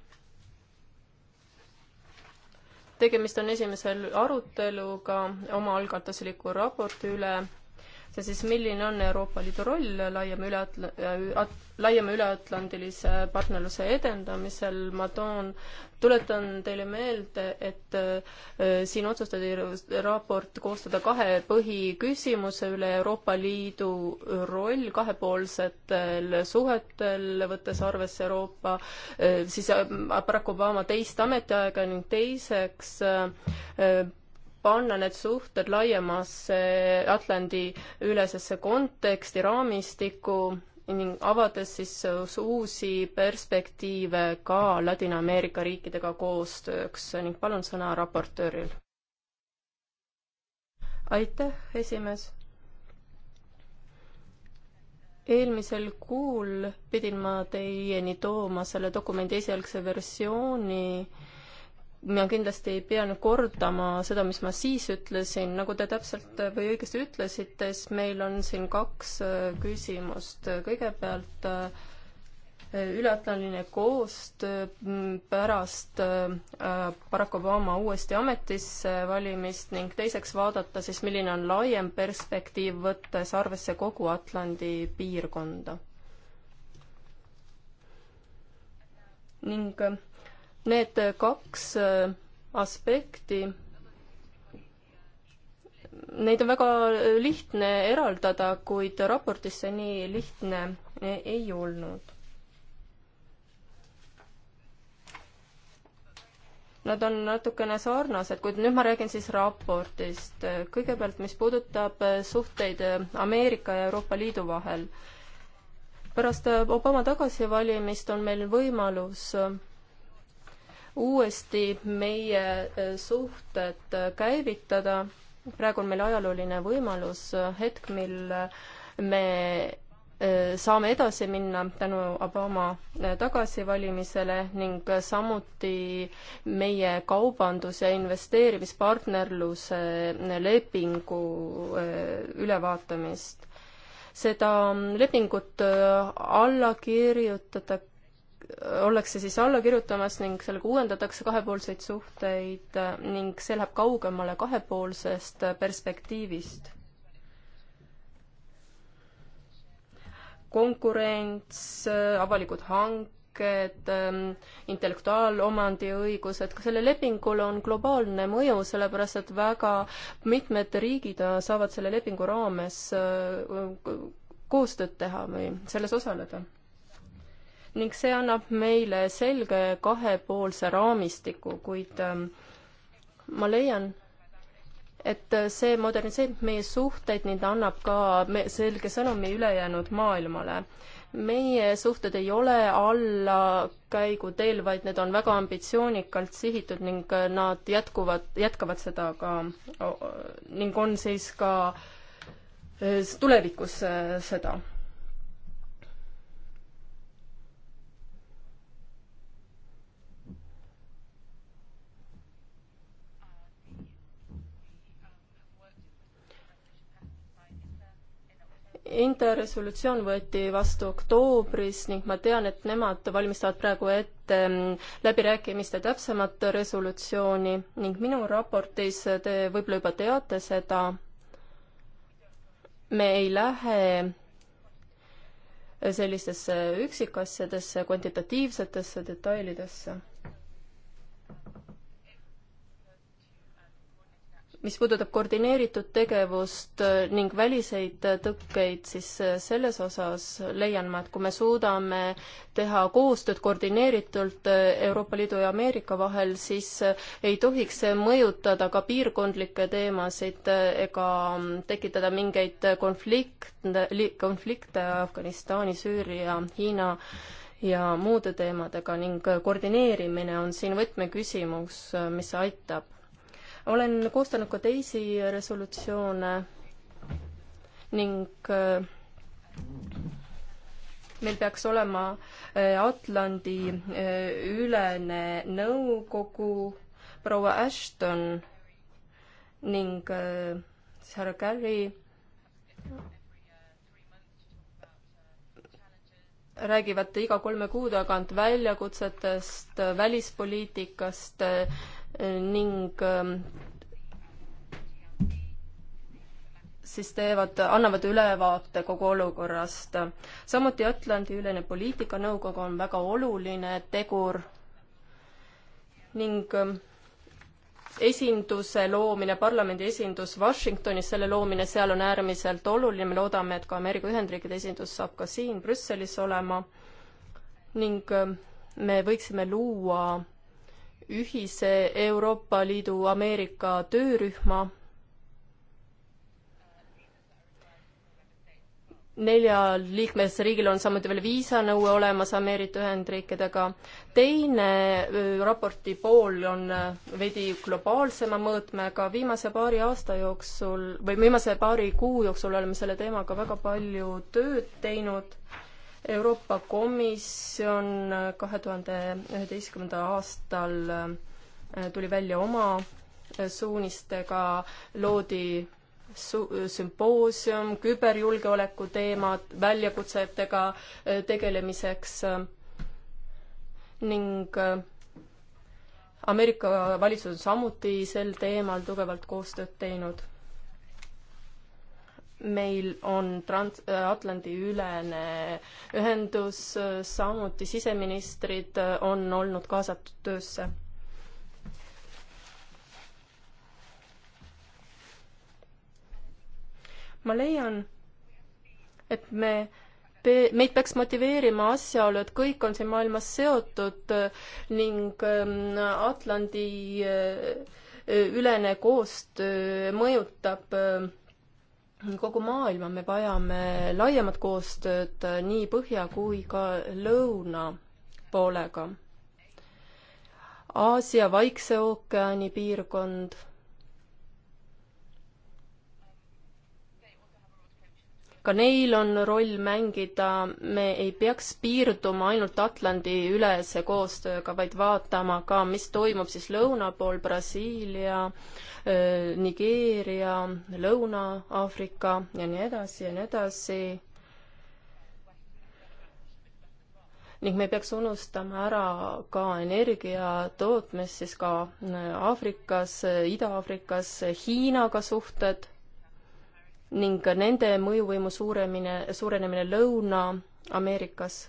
tegemist on esimesel aruteluga omaalgatusliku raporti üle see siis, milline on Euroopa Liidu roll laiema üle, laiema üleatlandilise partnerluse edendamisel, ma toon, tuletan teile meelde, et äh, siin otsustati raport koostada kahe põhiküsimuse üle Euroopa Liidu roll kahepoolsetel suhetel, võttes arvesse Euroopa, äh, siis äh, Barack Obama teist ametiaega ning teiseks panna need suhted laiemasse Atlandi ülesesse konteksti, raamistikku ning avades siis uusi perspektiive ka Ladina-Ameerika riikidega koostööks ning palun sõna raportööril. aitäh, esimees. eelmisel kuul pidin ma teieni tooma selle dokumendi esialgse versiooni ma kindlasti ei pea nüüd kordama seda, mis ma siis ütlesin, nagu te täpselt või õigesti ütlesite, siis meil on siin kaks äh, küsimust. kõigepealt äh, üleatlandiline koostöö mm, pärast äh, Barack Obama uuesti ametisse valimist ning teiseks vaadata siis, milline on laiem perspektiiv, võttes arvesse kogu Atlandi piirkonda. ning Need kaks äh, aspekti, neid on väga lihtne eraldada, kuid raportis see nii lihtne e, ei olnud. Nad on natukene sarnased, kuid nüüd ma räägin siis raportist. kõigepealt, mis puudutab äh, suhteid äh, Ameerika ja Euroopa Liidu vahel. pärast Obama tagasivalimist on meil võimalus uuesti meie äh, suhted äh, käivitada. praegu on meil ajalooline võimalus, äh, hetk, mil me saame edasi minna tänu Obama tagasivalimisele ning samuti meie kaubandus- ja investeerimispartnerluse lepingu ülevaatamist. seda mm, lepingut alla kirjutata ollakse siis alla kirjutamas ning sellega uuendatakse kahepoolseid suhteid äh, ning see läheb kaugemale kahepoolsest perspektiivist. konkurents, äh, avalikud hanked, ähm, intellektuaalomandi õigused, ka sellel lepingul on globaalne mõju, sellepärast et väga mitmed riigid äh, saavad selle lepingu raames koostööd teha või selles osaleda ning see annab meile selge kahepoolse raamistiku, kuid ähm, ma leian, et see moderniseerib meie suhteid ning ta annab ka selge sõnumi ülejäänud maailmale meie suhted ei ole allakäiguteel, vaid need on väga ambitsioonikalt sihitud ning äh, nad jätkuvad, jätkavad seda ka ning on siis ka äh, tulevikus äh, seda Interresolutsioon võeti vastu oktoobris ning ma tean, et nemad valmistavad praegu ette mm, läbirääkimiste täpsemat resolutsiooni ning minu raportis, te võib-olla juba teate seda, me ei lähe sellistesse üksikasjadesse, kvantitatiivsetesse detailidesse mis puudutab koordineeritud tegevust äh, ning väliseid äh, tõkkeid, siis äh, selles osas leian ma, et kui me suudame teha koostööd koordineeritult Euroopa Liidu ja Ameerika vahel, siis ei tohiks see mõjutada ka piirkondlikke teemasid ega mm, tekitada mingeid konflikte, konflikte Afganistani, Süüria, Hiina ja muude teemadega ning koordineerimine on siin võtmeküsimus, mis aitab olen koostanud ka teisi resolutsioone ning äh, meil peaks olema äh, Atlandi äh, ülene nõukogu proua Ashton ning siis härra Carey räägivad iga kolme kuu tagant väljakutsetest, välispoliitikast, ning ähm, siis teevad, annavad ülevaate kogu olukorrast. samuti Atlandi-ülene poliitikanõukogu on väga oluline tegur ning ähm, esinduse loomine, parlamendi esindus Washingtonis, selle loomine seal on äärmiselt oluline, me loodame, et ka Ameerika Ühendriikide esindus saab ka siin Brüsselis olema ning ähm, me võiksime luua ühise Euroopa Liidu Ameerika töörühma neljal liikmesriigil on samuti veel viisanõue olemas Ameerika Ühendriikidega. teine raporti pool on veidi globaalsema mõõtmega, viimase paari aasta jooksul või viimase paari kuu jooksul oleme selle teemaga väga palju tööd teinud Euroopa Komisjon kahe tuhande üheteistkümnendal aastal äh, tuli välja oma äh, suunistega, loodi su-, sümpoosium küberjulgeoleku teemad, väljakutsetega äh, tegelemiseks ning Ameerika valitsus on samuti sel teemal tugevalt koostööd teinud meil on trans-, Atlandi-ülene ühendus, samuti siseministrid äh, on olnud kaasatud töösse. ma leian, et me pe-, meid peaks motiveerima asjaolu, et kõik on siin maailmas seotud äh, ning ähm, Atlandi äh, ülene koostöö mõjutab kogu maailma, me vajame laiemat koostööd nii põhja kui ka lõuna poolega. Aasia Vaikse ookeani piirkond ka neil on roll mängida, me ei peaks piirduma ainult Atlandi-ülese koostööga, vaid vaatama ka, mis toimub siis lõuna pool, Brasiilia, Nigeeria, Lõuna-Aafrika ja nii edasi ja nii edasi. ning me ei peaks unustama ära ka energia tootmist siis ka Aafrikas, Ida-Aafrikas, Hiinaga suhted ning nende mõjuvõimu suuremine, suurenemine Lõuna-Ameerikas.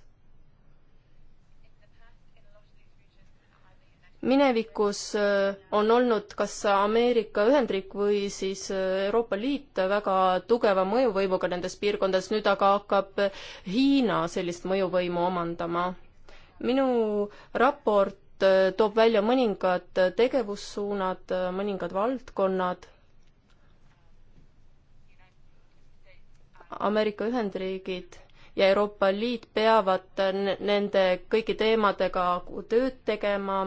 minevikus äh, on olnud kas Ameerika Ühendriik või siis äh, Euroopa Liit väga tugeva mõjuvõimuga nendes piirkondades, nüüd aga hakkab Hiina sellist mõjuvõimu omandama. minu raport äh, toob välja mõningad tegevussuunad, mõningad valdkonnad Ameerika Ühendriigid ja Euroopa Liit peavad nende kõigi teemadega tööd tegema,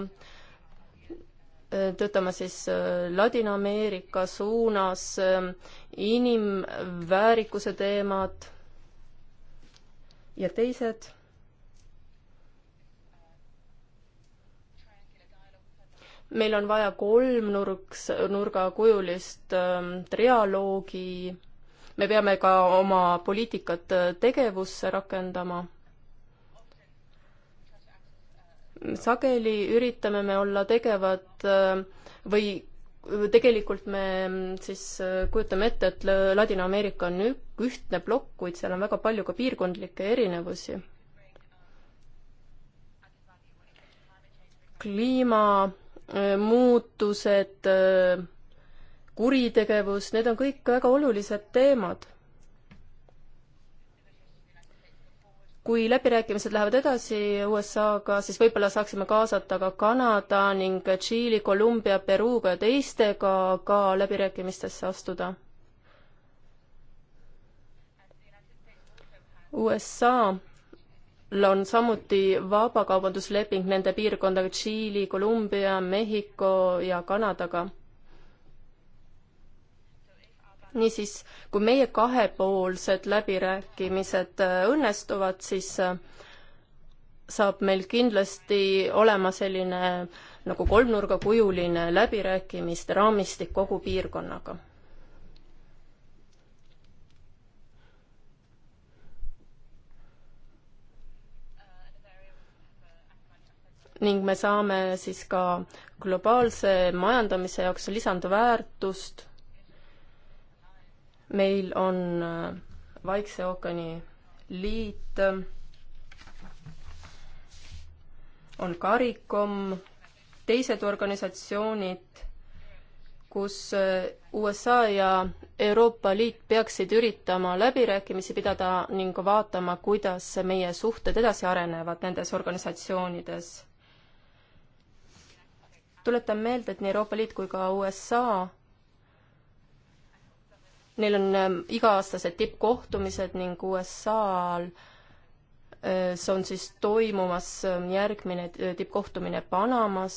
töötama siis äh, Ladina-Ameerika suunas, äh, inimväärikuse teemad ja teised meil on vaja kolmnurks, nurgakujulist ähm, trialoogi me peame ka oma poliitikat äh, tegevusse rakendama. sageli üritame me olla tegevad äh, või tegelikult me mm, siis äh, kujutame ette, et Ladina-Ameerika on ühtne plokk, kuid seal on väga palju ka piirkondlikke erinevusi. kliimamuutused kuritegevus, need on kõik väga olulised teemad. kui läbirääkimised lähevad edasi USA-ga, siis võib-olla saaksime kaasata ka Kanada ning Tšiili, Kolumbia, Peruga ja teistega ka läbirääkimistesse astuda. USA-l on samuti vabakaubandusleping nende piirkondadega Tšiili, Kolumbia, Mehhiko ja Kanadaga niisiis, kui meie kahepoolsed läbirääkimised äh, õnnestuvad, siis äh, saab meil kindlasti olema selline nagu kolmnurgakujuline läbirääkimiste raamistik kogu piirkonnaga. ning me saame siis ka globaalse majandamise jaoks lisandväärtust meil on äh, Vaikse ookeani liit, on Karikom, teised organisatsioonid, kus äh, USA ja Euroopa Liit peaksid üritama läbirääkimisi pidada ning vaatama, kuidas meie suhted edasi arenevad nendes organisatsioonides. tuletan meelde, et nii Euroopa Liit kui ka USA Neil on ähm, iga-aastased tippkohtumised ning USA-l see äh, on siis toimumas ähm, järgmine äh, tippkohtumine Panamas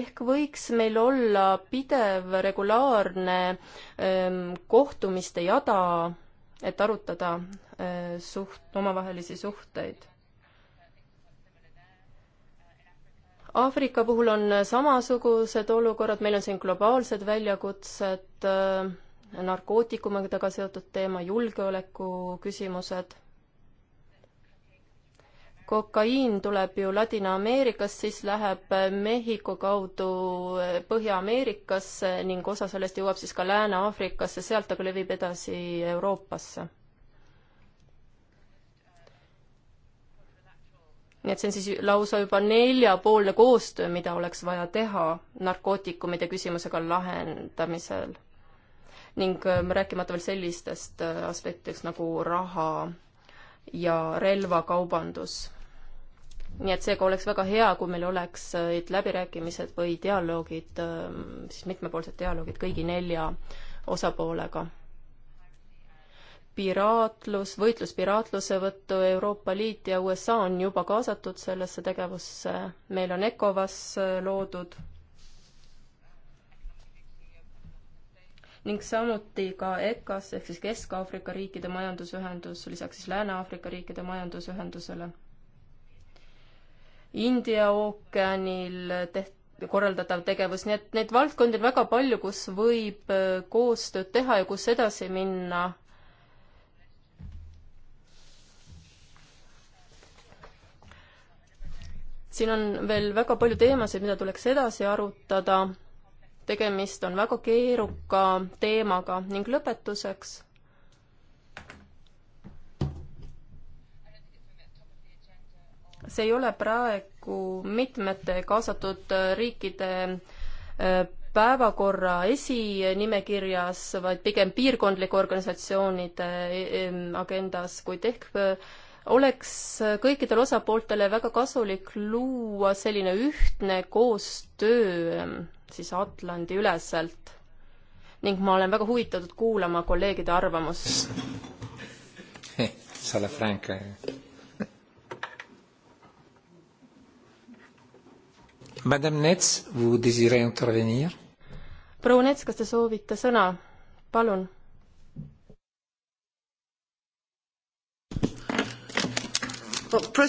ehk võiks meil olla pidev regulaarne ähm, kohtumiste jada, et arutada äh, suht, omavahelisi suhteid. Aafrika puhul on samasugused olukorrad, meil on siin globaalsed väljakutsed, äh, narkootikumidega seotud teema, julgeoleku küsimused. kokaiin tuleb ju Ladina-Ameerikast, siis läheb Mehhiko kaudu Põhja-Ameerikasse ning osa sellest jõuab siis ka Lääne-Aafrikasse, sealt aga levib edasi Euroopasse nii et see on siis lausa juba neljapoolne koostöö, mida oleks vaja teha narkootikumide küsimusega lahendamisel. ning äh, rääkimata veel sellistest äh, aspektidest nagu raha ja relvakaubandus. nii et seega oleks väga hea, kui meil oleks äh, läbirääkimised või dialoogid, siis mitmepoolsed dialoogid kõigi nelja osapoolega piraatlus, võitlus piraatluse võttu, Euroopa Liit ja USA on juba kaasatud sellesse tegevusse, meil on ECOWAS äh, loodud ning samuti ka ECAS ehk siis Kesk-Aafrika riikide majandusühendus, lisaks siis Lääne-Aafrika riikide majandusühendusele. India ookeanil teht-, korraldatav tegevus, nii et neid valdkondi on väga palju, kus võib äh, koostööd teha ja kus edasi minna siin on veel väga palju teemasid, mida tuleks edasi arutada. tegemist on väga keeruka teemaga ning lõpetuseks see ei ole praegu mitmete kaasatud riikide äh, päevakorra esinimekirjas, vaid pigem piirkondlike organisatsioonide äh, agendas, kuid ehk äh, oleks kõikidele osapooltele väga kasulik luua selline ühtne koostöö ehm, siis Atlandi üleselt ning ma olen väga huvitatud kuulama kolleegide arvamust.
Salafranca.
Madame Nets, vous désirez intervenir?
proua Nets, kas te soovite sõna? palun Uh,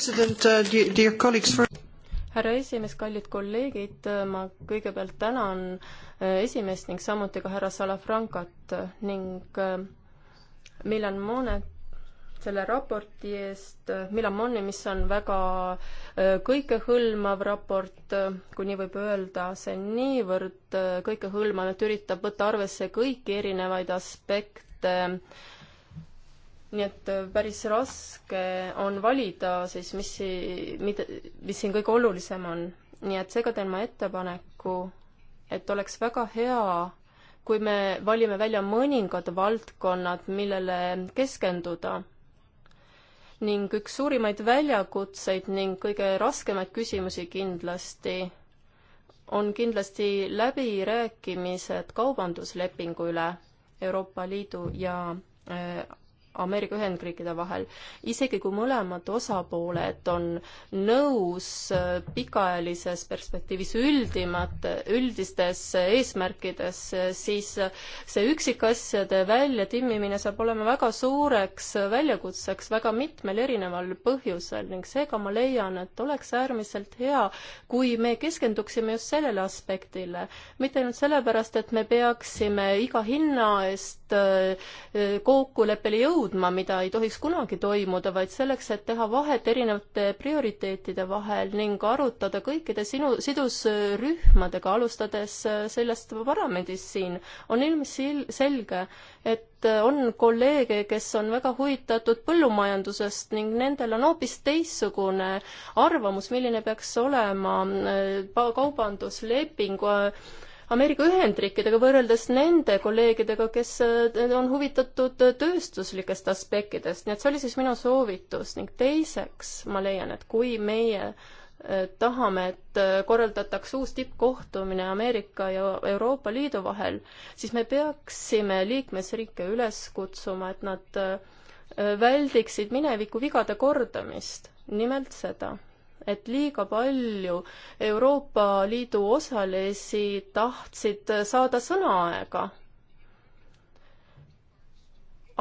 härra esimees, kallid kolleegid, äh, ma kõigepealt tänan äh, esimeest ning samuti ka härra Salafrankat äh, ning Milan Monet selle raporti eest, Milan Monni, mis on väga kõikehõlmav raport, kui nii võib öelda, see on niivõrd kõikehõlmav, et üritab võtta arvesse kõiki erinevaid aspekte nii et äh, päris raske on valida siis, mis, mida, mis siin kõige olulisem on. nii et seega teen ma ettepaneku, et oleks väga hea, kui me valime välja mõningad valdkonnad, millele keskenduda ning üks suurimaid väljakutseid ning kõige raskemaid küsimusi kindlasti on kindlasti läbirääkimised kaubanduslepingu üle Euroopa Liidu ja äh, Ameerika Ühendriikide vahel. isegi kui mõlemad osapooled on nõus äh, pikaajalises perspektiivis üldimate, üldistes eesmärkides, siis see üksikasjade väljatimmimine saab olema väga suureks väljakutseks väga mitmel erineval põhjusel ning seega ma leian, et oleks äärmiselt hea, kui me keskenduksime just sellele aspektile. mitte ainult sellepärast, et me peaksime iga hinna eest Äh, kokkuleppele jõudma, mida ei tohiks kunagi toimuda, vaid selleks, et teha vahet erinevate prioriteetide vahel ning arutada kõikide sinu, sidusrühmadega, alustades äh, sellest parlamendist siin, on ilmselge, et äh, on kolleege, kes on väga huvitatud põllumajandusest ning nendel on hoopis teistsugune arvamus, milline peaks olema kaubandusleping Ameerika Ühendriikidega võrreldes nende kolleegidega, kes äh, on huvitatud äh, tööstuslikest aspektidest, nii et see oli siis minu soovitus ning teiseks ma leian, et kui meie äh, tahame, et korraldatakse uus tippkohtumine Ameerika ja Euroopa Liidu vahel, siis me peaksime liikmesriike üles kutsuma, et nad väldiksid mineviku vigade kordamist, nimelt seda, et liiga palju Euroopa Liidu osalisi tahtsid saada sõnaaega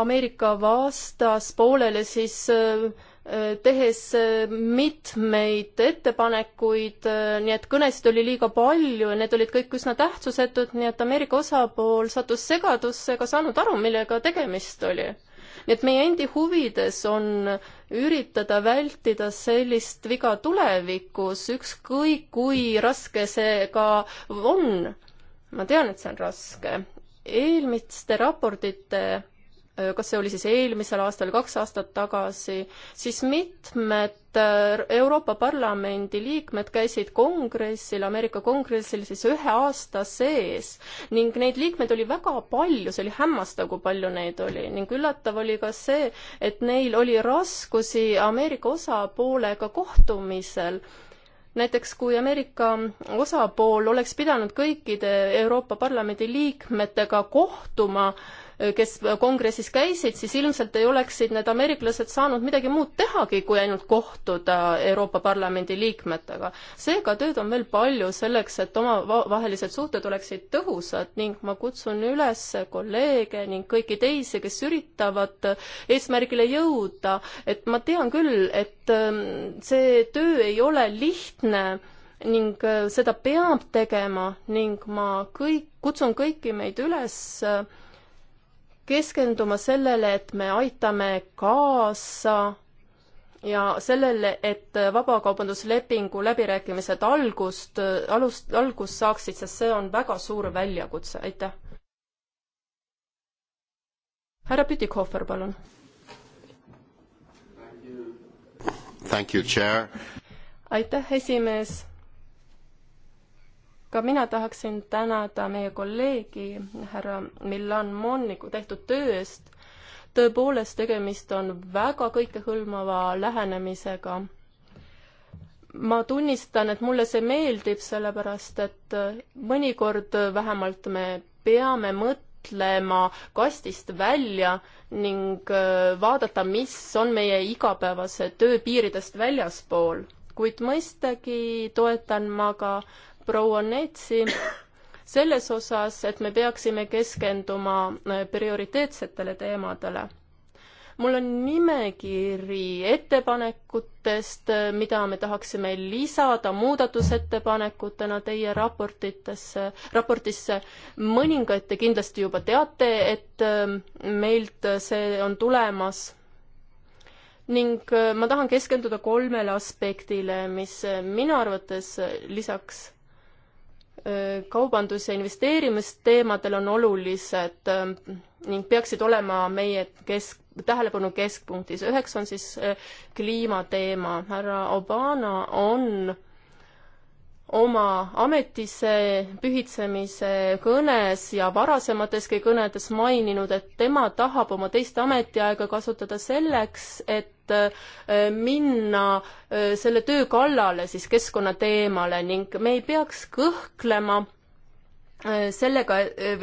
Ameerika vastaspoolele siis äh, tehes äh, mitmeid ettepanekuid, äh, nii et kõnesid oli liiga palju ja need olid kõik üsna tähtsusetud, nii et Ameerika osapool sattus segadusse ega saanud aru, millega tegemist oli. nii et meie endi huvides on äh, üritada vältida sellist viga tulevikus, ükskõik kui raske see ka on. ma tean, et see on raske. eelmiste raportite kas see oli siis eelmisel aastal, kaks aastat tagasi, siis mitmed et äh, Euroopa Parlamendi liikmed käisid kongressil, Ameerika kongressil siis ühe aasta sees ning neid liikmeid oli väga palju, see oli hämmastav, kui palju neid oli ning üllatav oli ka see, et neil oli raskusi Ameerika osapoolega kohtumisel näiteks kui Ameerika osapool oleks pidanud kõikide Euroopa Parlamendi liikmetega kohtuma, kes kongressis käisid, siis ilmselt ei oleksid need ameeriklased saanud midagi muud tehagi, kui ainult kohtuda Euroopa Parlamendi liikmetega. seega tööd on veel palju selleks, et omavahelised suhted oleksid tõhusad ning ma kutsun üles kolleege ning kõiki teisi, kes üritavad eesmärgile jõuda, et ma tean küll, et ähm, see töö ei ole lihtne ning äh, seda peab tegema ning ma kõik, kutsun kõiki meid üles äh, keskenduma sellele, et me aitame kaasa ja sellele, et vabakaubanduslepingu läbirääkimised algust, alust, algust saaksid, sest see on väga suur väljakutse, aitäh. härra Pütikohver, palun. aitäh, esimees ka mina tahaksin tänada meie kolleegi härra Milan Monniku tehtud töö eest. tõepoolest, tegemist on väga kõikehõlmava lähenemisega ma tunnistan, et mulle see meeldib, sellepärast et mõnikord vähemalt me peame mõtlema kastist välja ning äh, vaadata, mis on meie igapäevase töö piiridest väljaspool. kuid mõistagi toetan ma ka proua Neitsi selles osas, et me peaksime keskenduma äh, prioriteetsetele teemadele. mul on nimekiri ettepanekutest, äh, mida me tahaksime lisada muudatusettepanekutena teie raportitesse, raportisse. mõningaid te kindlasti juba teate, et äh, meilt see on tulemas ning ma tahan keskenduda kolmele aspektile, mis minu arvates lisaks kaubandus- ja investeerimisteemadel on olulised ähm, ning peaksid olema meie kesk, tähelepanu keskpunktis. üheks on siis äh, kliimateema. härra Obama on oma ametisse pühitsemise kõnes ja varasemateski kõnedes maininud, et tema tahab oma teist ametiaega kasutada selleks, et et äh, minna äh, selle töö kallale siis keskkonnateemale ning me ei peaks kõhklema äh, sellega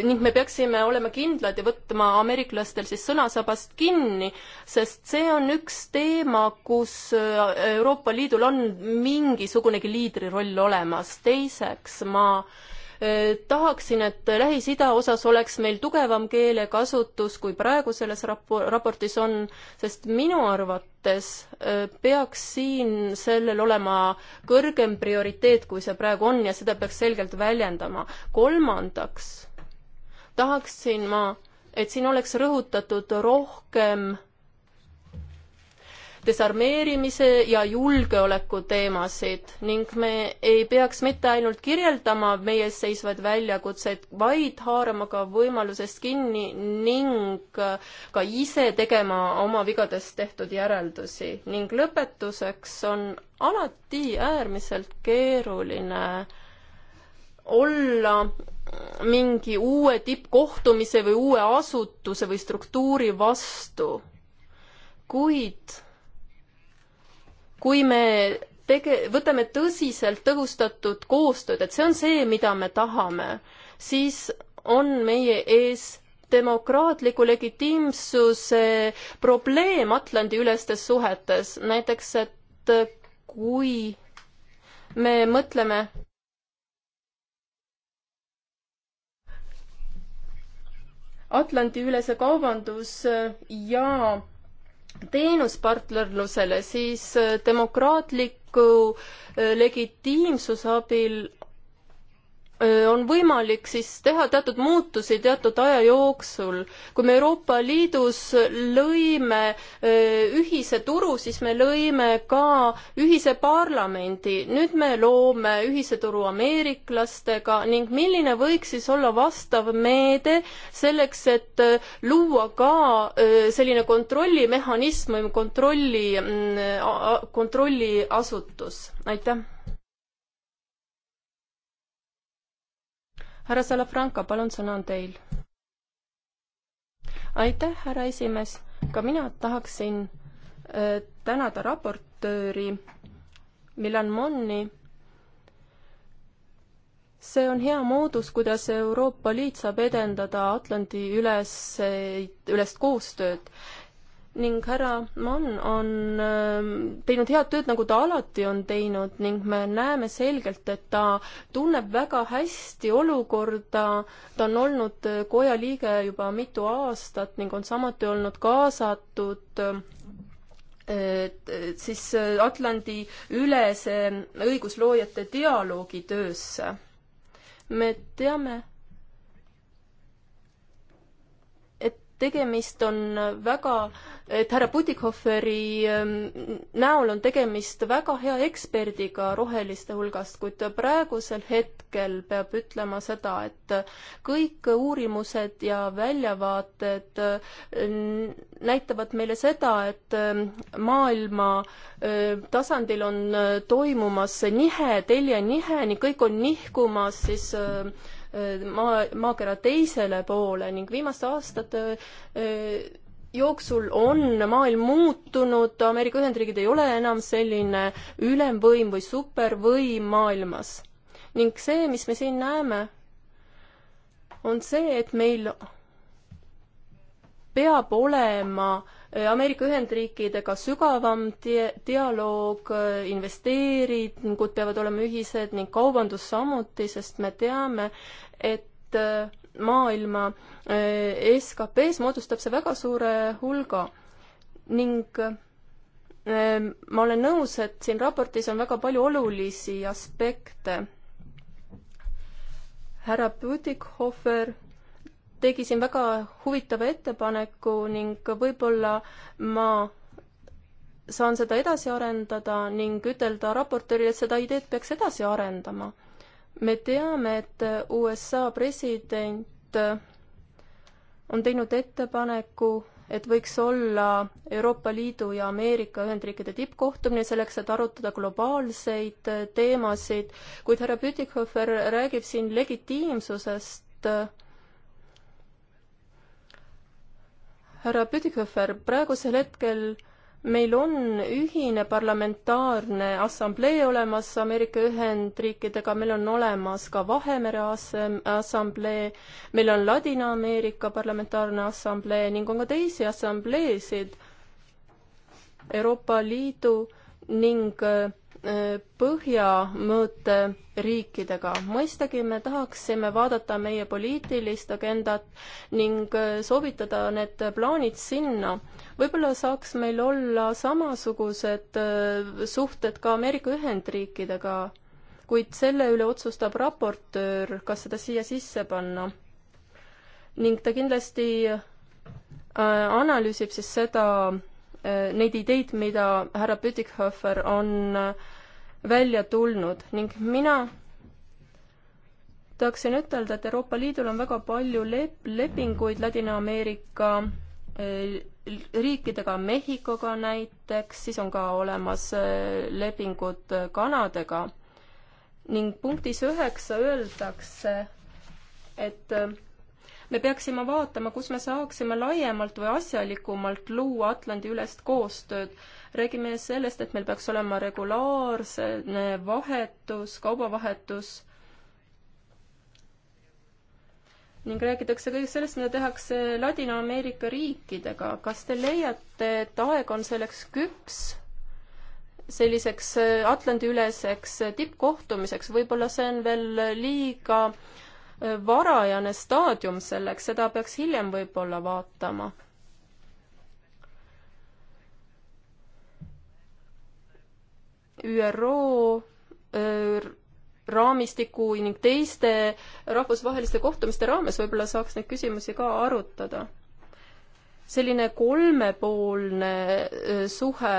ning me peaksime olema kindlad ja võtma ameeriklastel siis sõnasabast kinni, sest see on üks teema, kus Euroopa Liidul on mingisugunegi liidriroll olemas. teiseks, ma äh, Äh, tahaksin, et Lähis-Ida osas oleks meil tugevam keelekasutus, kui praegu selles rapo-, raportis on, sest minu arvates äh, peaks siin sellel olema kõrgem prioriteet, kui see praegu on ja seda peaks selgelt väljendama. kolmandaks tahaksin ma, et siin oleks rõhutatud rohkem desarmeerimise ja julgeoleku teemasid ning me ei peaks mitte ainult kirjeldama meie ees seisvaid väljakutseid, vaid haarama ka võimalusest kinni ning ka ise tegema oma vigadest tehtud järeldusi. ning lõpetuseks on alati äärmiselt keeruline olla mingi uue tippkohtumise või uue asutuse või struktuuri vastu kuid kui me tege-, võtame tõsiselt tõhustatud koostööd, et see on see, mida me tahame, siis on meie ees demokraatliku legitiimsuse probleem Atlandi-ülestes suhetes, näiteks et kui me mõtleme Atlandi-ülese kaubandus ja teenuspartnerlusele, siis äh, demokraatliku äh, legitiimsuse abil on võimalik siis teha teatud muutusi teatud aja jooksul. kui me Euroopa Liidus lõime ühise turu, siis me lõime ka ühise parlamendi. nüüd me loome ühise turu ameeriklastega ning milline võiks siis olla vastav meede selleks, et luua ka selline kontrollimehhanism või kontrolli, mm, kontrolliasutus. aitäh härra Salafranca, palun, sõna on teil. aitäh, härra esimees, ka mina tahaksin äh, tänada raportööri Milan Monni. see on hea moodus, kuidas Euroopa Liit saab edendada Atlandi üles, ülest koostööd ning härra Mann on ähm, teinud head tööd, nagu ta alati on teinud ning me näeme selgelt, et ta tunneb väga hästi olukorda, ta on olnud äh, koja liige juba mitu aastat ning on samuti olnud kaasatud äh, et, et äh, siis Atlandi ülese õigusloojate dialoogi töösse. me teame tegemist on väga, et härra Putikhoferi ähm, näol on tegemist väga hea eksperdiga roheliste hulgast, kuid praegusel hetkel peab ütlema seda, et kõik uurimused ja väljavaated äh, näitavad meile seda, et ähm, maailma äh, tasandil on äh, toimumas nihe, teljenihe, nii kõik on nihkumas siis äh, Äh, maa, maakera teisele poole ning viimaste aastate äh, jooksul on maailm muutunud, Ameerika Ühendriigid ei ole enam selline ülemvõim või supervõim maailmas. ning see, mis me siin näeme, on see, et meil peab olema äh, Ameerika Ühendriikidega sügavam di-, dialoog, investeeringud peavad olema ühised ning kaubandus samuti, sest me teame, et äh, maailma äh, SKP-s moodustab see väga suure hulga ning äh, ma olen nõus, et siin raportis on väga palju olulisi aspekte. härra Putikhofer tegi siin väga huvitava ettepaneku ning võib-olla ma saan seda edasi arendada ning ütelda raportöörile, et seda ideed peaks edasi arendama. me teame, et USA president on teinud ettepaneku, et võiks olla Euroopa Liidu ja Ameerika Ühendriikide tippkohtumine selleks, et arutada globaalseid teemasid, kuid härra Pütikofer räägib siin legitiimsusest äh, härra Püdikofer, praegusel hetkel meil on ühine parlamentaarne assamblee olemas Ameerika Ühendriikidega, meil on olemas ka Vahemere assamblee, meil on Ladina-Ameerika parlamentaarne assamblee ning on ka teisi assambleesid Euroopa Liidu ning äh, põhjamõõte riikidega. mõistagi me tahaksime vaadata meie poliitilist agendat ning äh, soovitada need plaanid sinna. võib-olla saaks meil olla samasugused äh, suhted ka Ameerika Ühendriikidega, kuid selle üle otsustab raportöör, kas seda siia sisse panna. ning ta kindlasti äh, analüüsib siis seda, Äh, neid ideid, mida härra Pütikhofer on äh, välja tulnud ning mina tahaksin ütelda, et Euroopa Liidul on väga palju lep-, lepinguid Ladina-Ameerika äh, riikidega, Mehhikoga näiteks, siis on ka olemas lepingud Kanadaga ning punktis üheksa öeldakse, et me peaksime vaatama, kus me saaksime laiemalt või asjalikumalt luua Atlandi-ülest koostööd. räägime sellest, et meil peaks olema regulaarne vahetus, kaubavahetus ning räägitakse kõik sellest, mida tehakse Ladina-Ameerika riikidega. kas te leiate, et aeg on selleks küps? selliseks Atlandi-üleseks tippkohtumiseks, võib-olla see on veel liiga äh, varajane staadium selleks, seda peaks hiljem võib-olla vaatama. ÜRO äh, raamistiku ning teiste rahvusvaheliste kohtumiste raames võib-olla saaks neid küsimusi ka arutada. selline kolmepoolne äh, suhe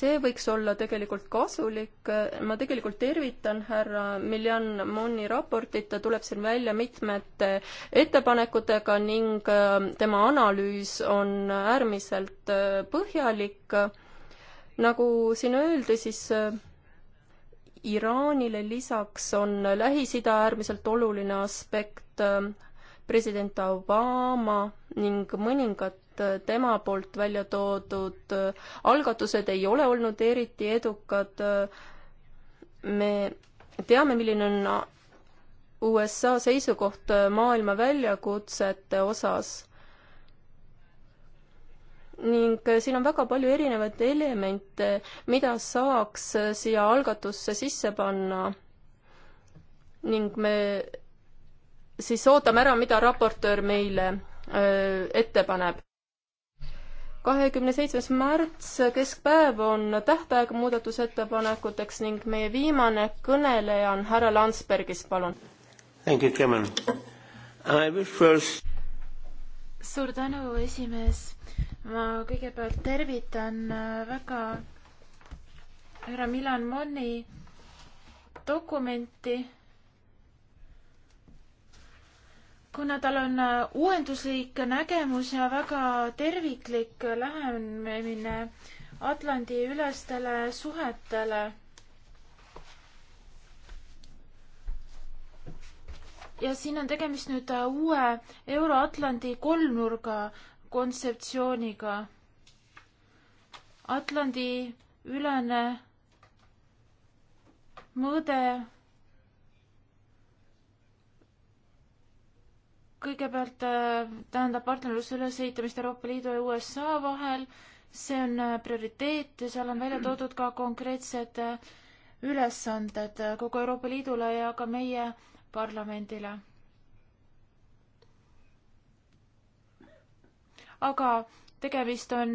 see võiks olla tegelikult kasulik, ma tegelikult tervitan härra Miljan Monni raportit, ta tuleb siin välja mitmete ettepanekutega ning äh, tema analüüs on äärmiselt äh, põhjalik. nagu siin öeldi, siis äh, Iraanile lisaks on Lähis-Ida äärmiselt oluline aspekt, president Obama ning mõningad et äh, tema poolt välja toodud äh, algatused ei ole olnud eriti edukad. Äh, me teame, milline on USA seisukoht maailma väljakutsete osas ning siin on väga palju erinevaid elemente, mida saaks siia algatusse sisse panna. ning me siis ootame ära, mida raportöör meile öö, ette paneb kahekümne seitsmes märts, keskpäev on tähtaeg muudatusettepanekuteks ning meie viimane kõneleja on härra Landsbergis, palun. First... suur tänu, esimees. ma
kõigepealt tervitan äh, väga härra Milan Monni dokumenti kuna tal on äh, uuenduslik nägemus ja väga terviklik lähenemine Atlandi ülestele suhetele. ja siin on tegemist nüüd äh, uue Euro-Atlandi kolmnurga kontseptsiooniga. Atlandi ülene mõõde kõigepealt äh, tähendab partnerluse ülesehitamist Euroopa Liidu ja USA vahel, see on äh, prioriteet ja seal on välja toodud ka konkreetsed äh, ülesanded kogu Euroopa Liidule ja ka meie parlamendile. aga tegemist on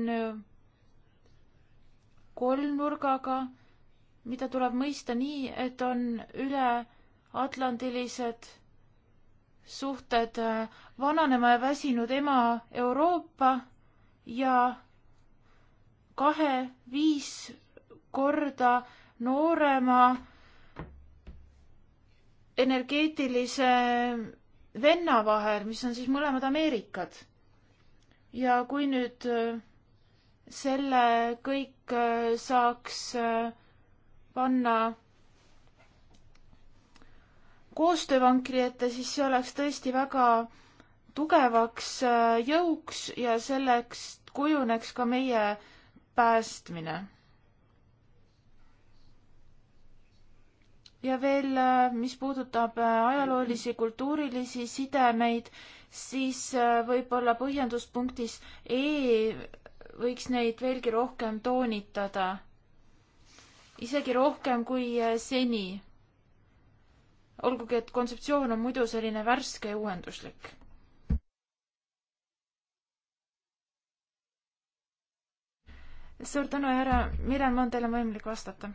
kolmnurgaga, mida tuleb mõista nii, et on üleatlandilised suhted äh, vananema ja väsinud ema Euroopa ja kahe viis korda noorema energeetilise venna vahel, mis on siis mõlemad Ameerikad. ja kui nüüd äh, selle kõik äh, saaks panna koostöövankri ette, siis see oleks tõesti väga tugevaks äh, jõuks ja selleks kujuneks ka meie päästmine. ja veel, äh, mis puudutab äh, ajaloolisi, kultuurilisi sidemeid, siis võib-olla põhjenduspunktis E võiks neid veelgi rohkem toonitada. isegi rohkem kui seni olgugi, et kontseptsioon on muidu selline värske ja uuenduslik. suur tänu, härra Miremann, teil on võimalik vastata.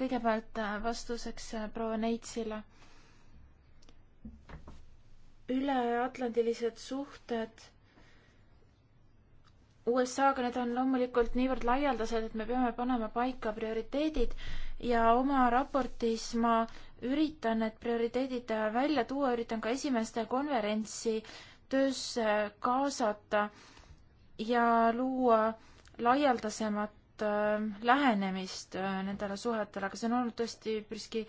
kõigepealt äh, vastuseks äh, proua Neitsile. üleatlandilised suhted USA-ga need on loomulikult niivõrd laialdased, et me peame panema paika prioriteedid ja oma raportis ma üritan need prioriteedid välja tuua, üritan ka esimeste konverentsi töösse kaasata ja luua laialdasemat ähm, lähenemist äh, nendele suhetele, aga see on olnud tõesti priski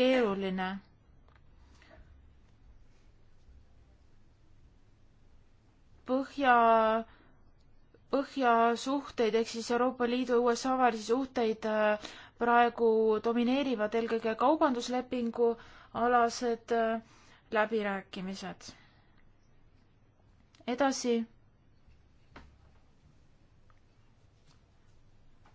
keeruline Põhja. Põhja põhjasuhteid ehk siis Euroopa Liidu ja USA vahelisi suhteid äh, praegu domineerivad eelkõige kaubanduslepingu alased äh, läbirääkimised. edasi.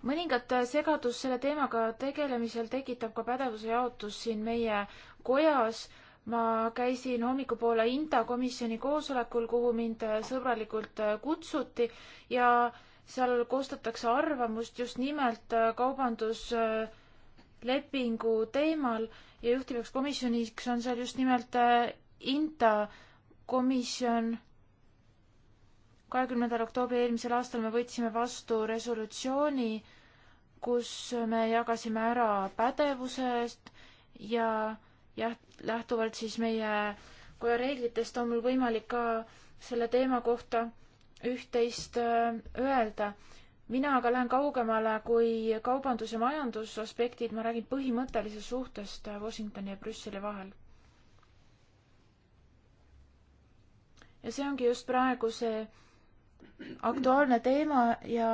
mõningat äh, segadust selle teemaga tegelemisel tekitab ka pädevuse jaotus siin meie kojas ma käisin hommikupoole INTA komisjoni koosolekul, kuhu mind sõbralikult kutsuti ja seal koostatakse arvamust just nimelt kaubanduslepingu teemal ja juhtivaks komisjoniks on seal just nimelt INTA komisjon. kahekümnendal oktoobril eelmisel aastal me võtsime vastu resolutsiooni, kus me jagasime ära pädevusest ja jah, lähtuvalt siis meie koja reeglitest on mul võimalik ka selle teema kohta üht-teist äh, öelda. mina aga lähen kaugemale kui kaubandus- ja majandusaspektid, ma räägin põhimõttelisest suhtest äh, Washingtoni ja Brüsseli vahel. ja see ongi just praegu see aktuaalne teema ja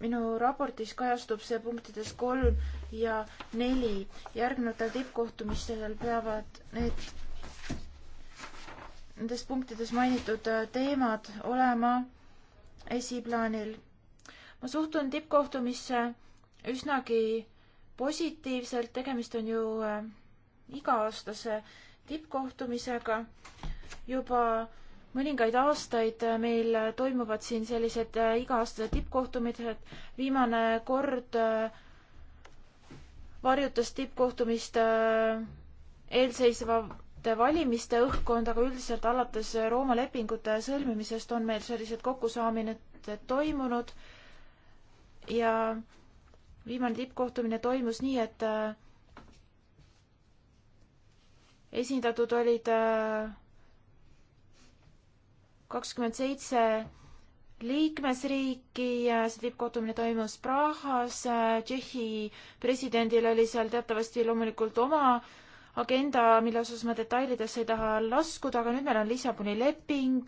minu raportis kajastub see punktides kolm ja neli. järgnevatel tippkohtumistel peavad need, nendes punktides mainitud äh, teemad olema esiplaanil. ma suhtun tippkohtumisse üsnagi positiivselt, tegemist on ju äh, iga-aastase tippkohtumisega. juba mõningaid aastaid äh, meil toimuvad siin sellised iga-aastased tippkohtumised, viimane kord äh, varjutas tippkohtumist äh, eelseisvate valimiste õhkkond, aga üldiselt alates Rooma lepingute sõlmimisest on meil sellised kokkusaamised toimunud ja viimane tippkohtumine toimus nii, et äh, esindatud olid äh, kakskümmend seitse liikmesriiki, see tippkohtumine toimus Prahas, Tšehhi presidendil oli seal teatavasti loomulikult oma agenda, mille osas ma detailidesse ei taha laskuda, aga nüüd meil on Lissaboni leping,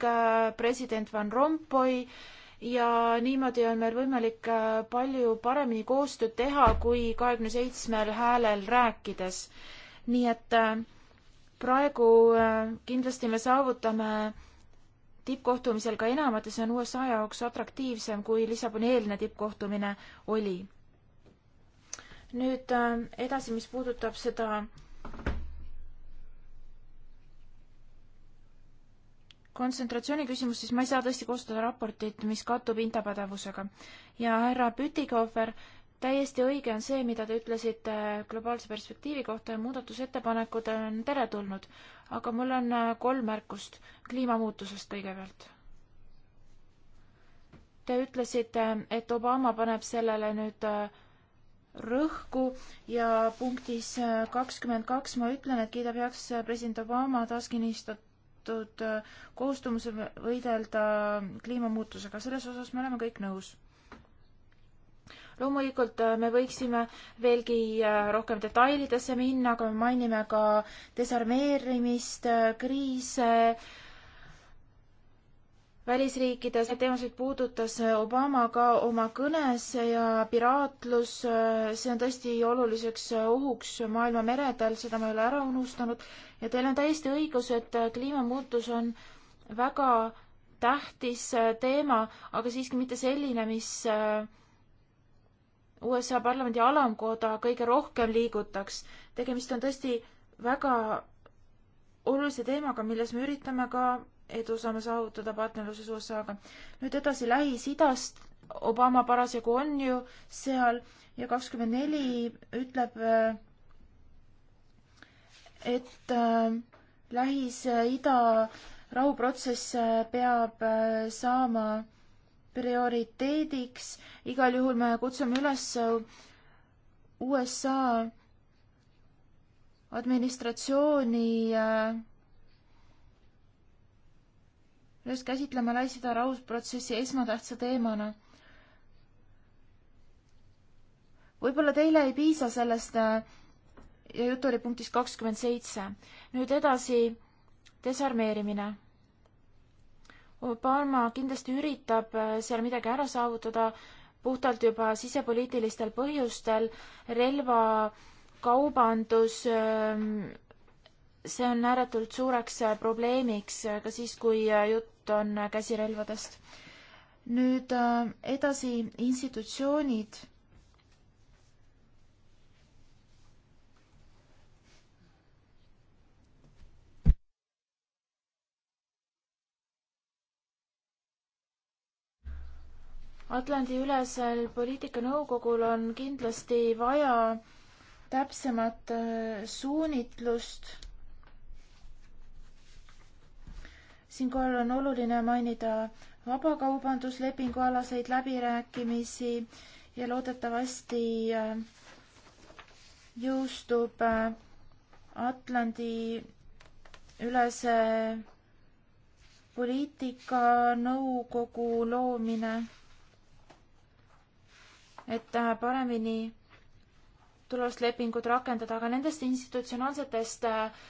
president Van Rompuy ja niimoodi on meil võimalik palju paremini koostööd teha kui kahekümne seitsmel häälel rääkides. nii et praegu kindlasti me saavutame tippkohtumisel ka enamat ja see on USA jaoks atraktiivsem, kui Lissaboni eelne tippkohtumine oli. nüüd äh, edasi, mis puudutab seda kontsentratsiooni küsimus, siis ma ei saa tõesti koostada raportit, mis kattub hindapädevusega. ja härra Pütikohver, täiesti õige on see, mida te ütlesite globaalse perspektiivi kohta ja muudatusettepanekud on teretulnud aga mul on äh, kolm märkust kliimamuutusest kõigepealt. Te ütlesite, et Obama paneb sellele nüüd äh, rõhku ja punktis äh, kakskümmend kaks ma ütlen, et kiidab heaks president Obama taaskinnistatud kohustumuse võidelda kliimamuutusega, selles osas me oleme kõik nõus loomulikult äh, me võiksime veelgi äh, rohkem detailidesse minna, aga me mainime ka desarmeerimist, äh, kriise, välisriikides, neid teemasid puudutas Obama ka oma kõnes ja piraatlus, see on tõesti oluliseks ohuks maailma meredel, seda ma ei ole ära unustanud ja teil on täiesti õigus, et kliimamuutus on väga tähtis teema, aga siiski mitte selline, mis äh, USA parlamendi alamkoda kõige rohkem liigutaks. tegemist on tõesti väga olulise teemaga, milles me üritame ka edu saame saavutada partnerluses USA-ga. nüüd edasi Lähis-Idast, Obama parasjagu on ju seal ja kakskümmend neli ütleb, äh, et äh, Lähis-Ida rahuprotsess äh, peab saama prioriteediks. igal juhul me kutsume üles USA administratsiooni äh, üles käsitlema Lähis-Ida rahuprotsessi esmatähtsa teemana. võib-olla teile ei piisa sellest äh, ja jutt oli punktis kakskümmend seitse. nüüd edasi, desarmeerimine Obama kindlasti üritab äh, seal midagi ära saavutada puhtalt juba sisepoliitilistel põhjustel. relvakaubandus, ähm, see on ääretult suureks äh, probleemiks äh, ka siis, kui jutt on käsirelvadest. nüüd edasi institutsioonid Atlandi-ülesel poliitikanõukogul on kindlasti vaja täpsemat äh, suunitlust. siinkohal on oluline mainida vabakaubanduslepingu alaseid läbirääkimisi ja loodetavasti äh, jõustub äh, Atlandi ülese poliitikanõukogu loomine et äh, paremini tulevaslepingut rakendada, aga nendest institutsionaalsetest äh,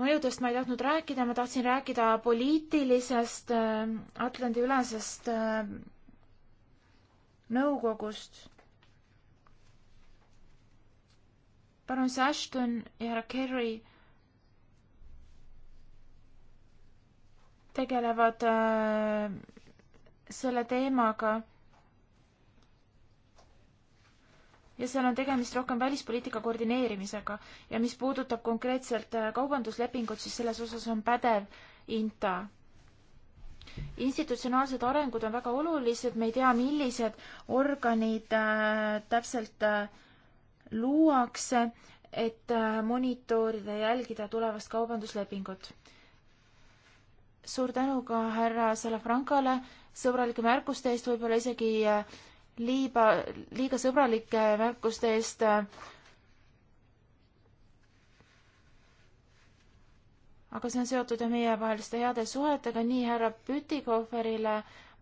mõjudest ma ei tahtnud rääkida, ma tahtsin rääkida poliitilisest äh, Atlandi-ülesest nõukogust. parun Ashton ja härra Kerry tegelevad äh, selle teemaga ja seal on tegemist rohkem välispoliitika koordineerimisega ja mis puudutab konkreetselt äh, kaubanduslepingut, siis selles osas on pädev INTA. institutsionaalsed arengud on väga olulised, me ei tea, millised organid äh, täpselt äh, luuakse, et monitoorida ja jälgida tulevast kaubanduslepingut. suur tänu ka härra Salafrancale sõbralike märkuste eest, võib-olla isegi äh, liiba, liiga sõbralike märkuste eest. Äh. aga see on seotud ju meievaheliste heade suhetega, nii härra Pütikoferile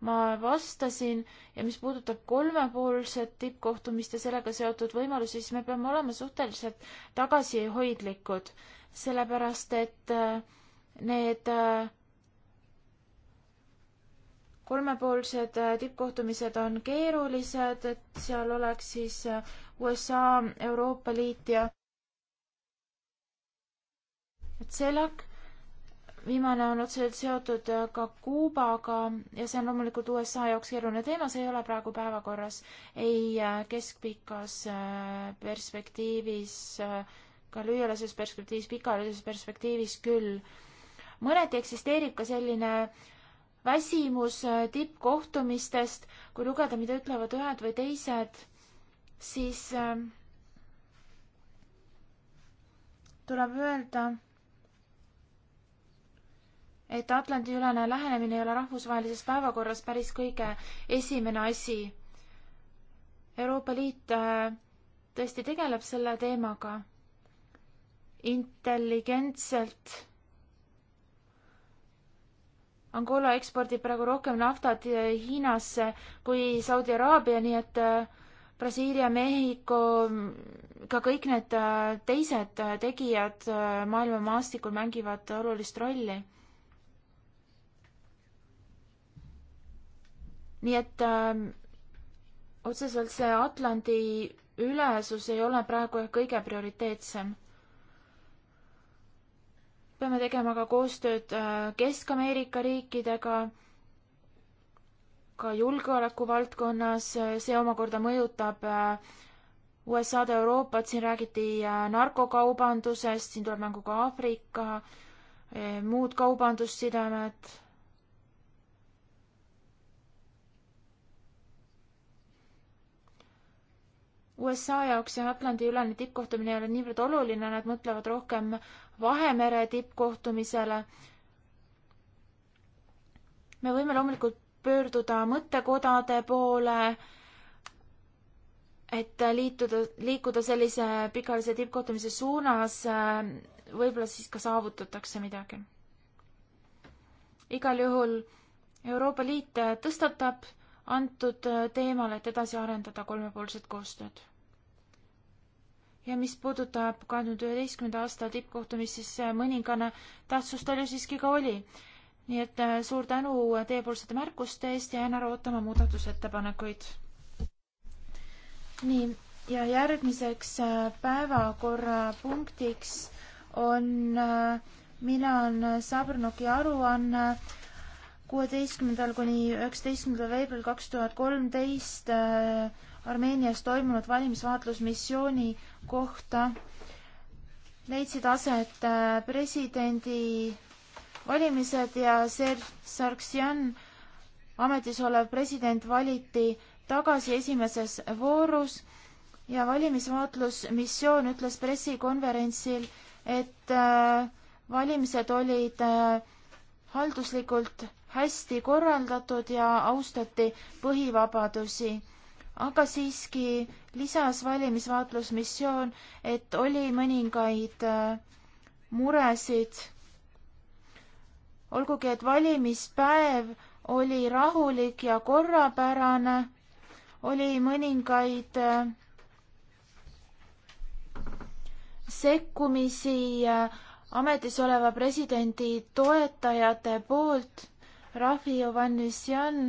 ma vastasin ja mis puudutab kolmepoolset tippkohtumist ja sellega seotud võimalusi, siis me peame olema suhteliselt tagasihoidlikud, sellepärast et äh, need äh, kolmepoolsed äh, tippkohtumised on keerulised, et seal oleks siis äh, USA, Euroopa Liit ja et CELAC, viimane on otseselt seotud äh, ka Kuubaga ja see on loomulikult USA jaoks keeruline teema, see ei ole praegu päevakorras ei keskpikas perspektiivis, ka lühiajalises perspektiivis, pikaajalises perspektiivis küll. mõneti eksisteerib ka selline äh, väsimus äh, tippkohtumistest, kui lugeda, mida ütlevad ühed või teised, siis ähm, tuleb öelda, et Atlandi-ülene lähenemine ei ole rahvusvahelises päevakorras päris kõige esimene asi. Euroopa Liit äh, tõesti tegeleb selle teemaga intelligentselt Angola ekspordib praegu rohkem naftat eh, Hiinasse kui Saudi Araabia, nii et eh, Brasiilia, Mehhiko, mm, ka kõik need eh, teised tegijad maailma maastikul mängivad olulist rolli. nii et öö, otseselt see Atlandi ülesus ei ole praegu ehk kõige prioriteetsem peame tegema ka koostööd äh, Kesk-Ameerika riikidega, ka julgeoleku valdkonnas, äh, see omakorda mõjutab äh, USA-d, Euroopat, siin räägiti narkokaubandusest, siin tuleb mängu ka Aafrika, muud kaubandussidemed USA jaoks see Atlandi-ülene tippkohtumine ei ole niivõrd oluline, nad mõtlevad rohkem Vahemere tippkohtumisele. me võime loomulikult pöörduda mõttekodade poole, et liituda, liikuda sellise pikaajalise tippkohtumise suunas, võib-olla siis ka saavutatakse midagi. igal juhul Euroopa Liit tõstatab antud teemal, et edasi arendada kolmepoolset koostööd ja mis puudutab kahe tuhande üheteistkümnenda aasta tippkohtumist, siis äh, mõningane tähtsus tal ju siiski ka oli. nii et äh, suur tänu teiepoolsete märkuste eest, jään ära ootama muudatusettepanekuid. nii, ja järgmiseks äh, päevakorrapunktiks on Milan Sabrnoki aruanne kuueteistkümnendal kuni üheksateistkümnendal veebruaril kaks tuhat kolmteist Armeenias toimunud valimisvaatlusmissiooni kohta leidsid aset äh, presidendi valimised ja Serge Sargsjan, ametis olev president, valiti tagasi esimeses voorus ja valimisvaatlusmissioon ütles pressikonverentsil, et äh, valimised olid äh, halduslikult hästi korraldatud ja austati põhivabadusi aga siiski lisas valimisvaatlusmissioon, et oli mõningaid äh, muresid. olgugi, et valimispäev oli rahulik ja korrapärane, oli mõningaid äh, sekkumisi äh, ametis oleva presidendi toetajate poolt. Rafi Jovannisjan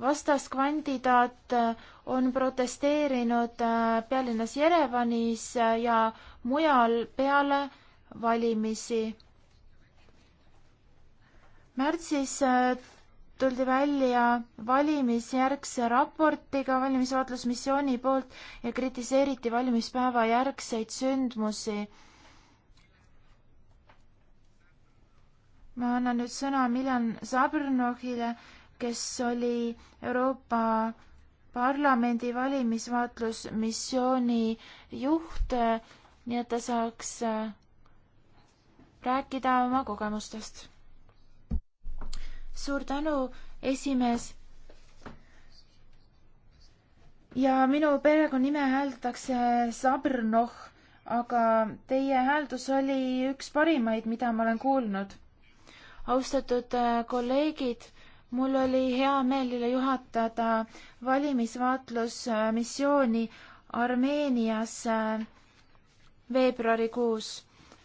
vastaskandidaat äh, on protesteerinud äh, pealinnas Jerevanis äh, ja mujal peale valimisi. märtsis tuldi välja valimisjärgse raportiga valimisvaatlusmissiooni poolt ja kritiseeriti valimispäeva järgseid sündmusi. ma annan nüüd sõna Miljan Zabrnohile kes oli Euroopa Parlamendi valimisvaatlusmissiooni juht, nii et ta saaks äh, rääkida oma kogemustest. suur tänu, esimees. ja minu perekonnanime hääldatakse Sabrnoh, aga teie hääldus oli üks parimaid, mida ma olen kuulnud. austatud äh, kolleegid mul oli hea meel üle juhatada valimisvaatlusmissiooni Armeenias äh, veebruarikuus.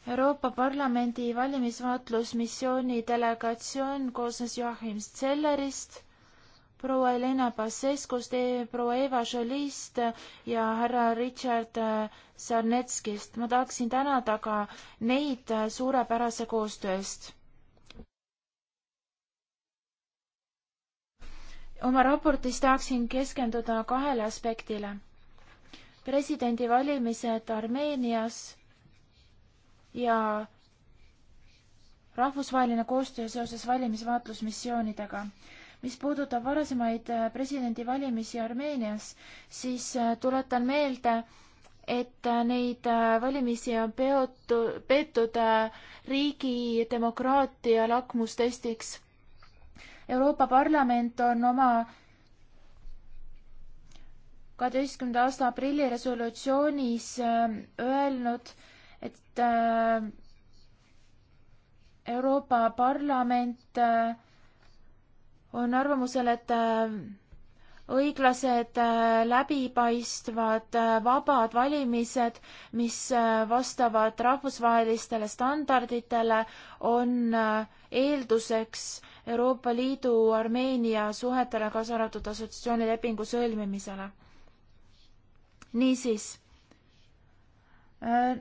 Euroopa Parlamendi valimisvaatlusmissiooni delegatsioon koosnes Joachim Zellerist, proua Helena Baseskust, proua Eva Jolist ja härra Richard äh, Sarnetskist. ma tahaksin tänada ka neid suurepärase koostöö eest oma raportis tahaksin keskenduda kahele aspektile. presidendivalimised Armeenias ja rahvusvaheline koostöö seoses valimisvaatlusmissioonidega. mis puudutab varasemaid äh, presidendivalimisi Armeenias, siis äh, tuletan meelde, et äh, neid valimisi on peotu, peetud riigi demokraatia lakmustestiks Euroopa Parlament on oma kaheteistkümnenda aasta aprilli resolutsioonis äh, öelnud, et äh, Euroopa Parlament äh, on arvamusel, et õiglased, äh, läbipaistvad, äh, vabad valimised, mis äh, vastavad rahvusvahelistele standarditele, on eelduseks Euroopa Liidu Armeenia suhetele, kaasa arvatud assotsiatsioonilepingu sõlmimisele. niisiis äh,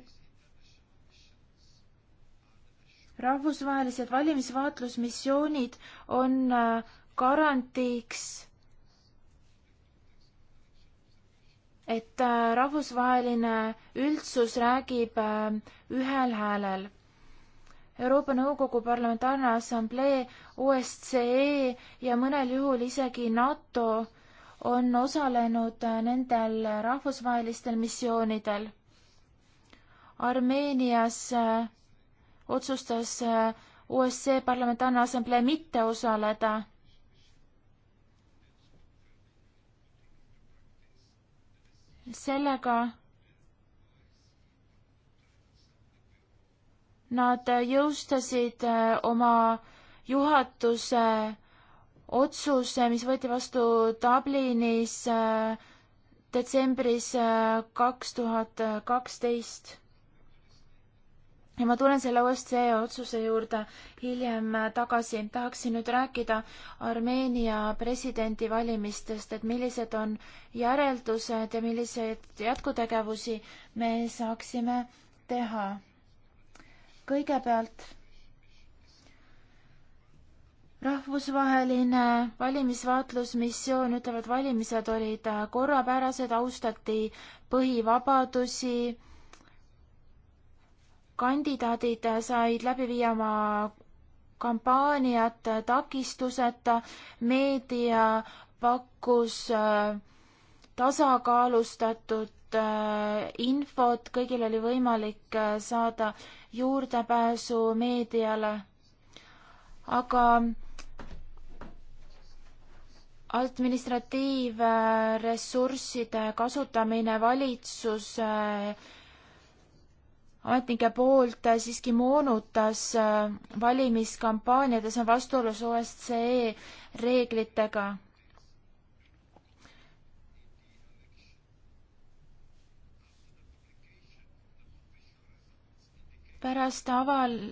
rahvusvahelised valimisvaatlusmissioonid on garantiiks et äh, rahvusvaheline üldsus räägib äh, ühel häälel. Euroopa Nõukogu Parlamentaarne Assamblee, OSCE ja mõnel juhul isegi NATO on osalenud äh, nendel rahvusvahelistel missioonidel. Armeenias otsustas OSCE Parlamentaarne Assamblee mitte osaleda sellega nad jõustasid äh, oma juhatuse otsuse, mis võeti vastu Dublinis äh, detsembris äh, kaks tuhat kaksteist ja ma tulen selle OSCE otsuse juurde hiljem tagasi. tahaksin nüüd rääkida Armeenia presidendivalimistest, et millised on järeldused ja milliseid jätkutegevusi me saaksime teha. kõigepealt rahvusvaheline valimisvaatlusmissioon, ütlevad valimised olid korrapärased, austati põhivabadusi kandidaadid said läbi viia oma kampaaniat takistuseta, meedia pakkus äh, tasakaalustatud äh, infot, kõigil oli võimalik äh, saada juurdepääsu meediale. aga administratiivressursside kasutamine valitsuse äh, ametnike poolt siiski moonutas äh, valimiskampaaniad ja see on vastuolus OSCE reeglitega. pärast aval-,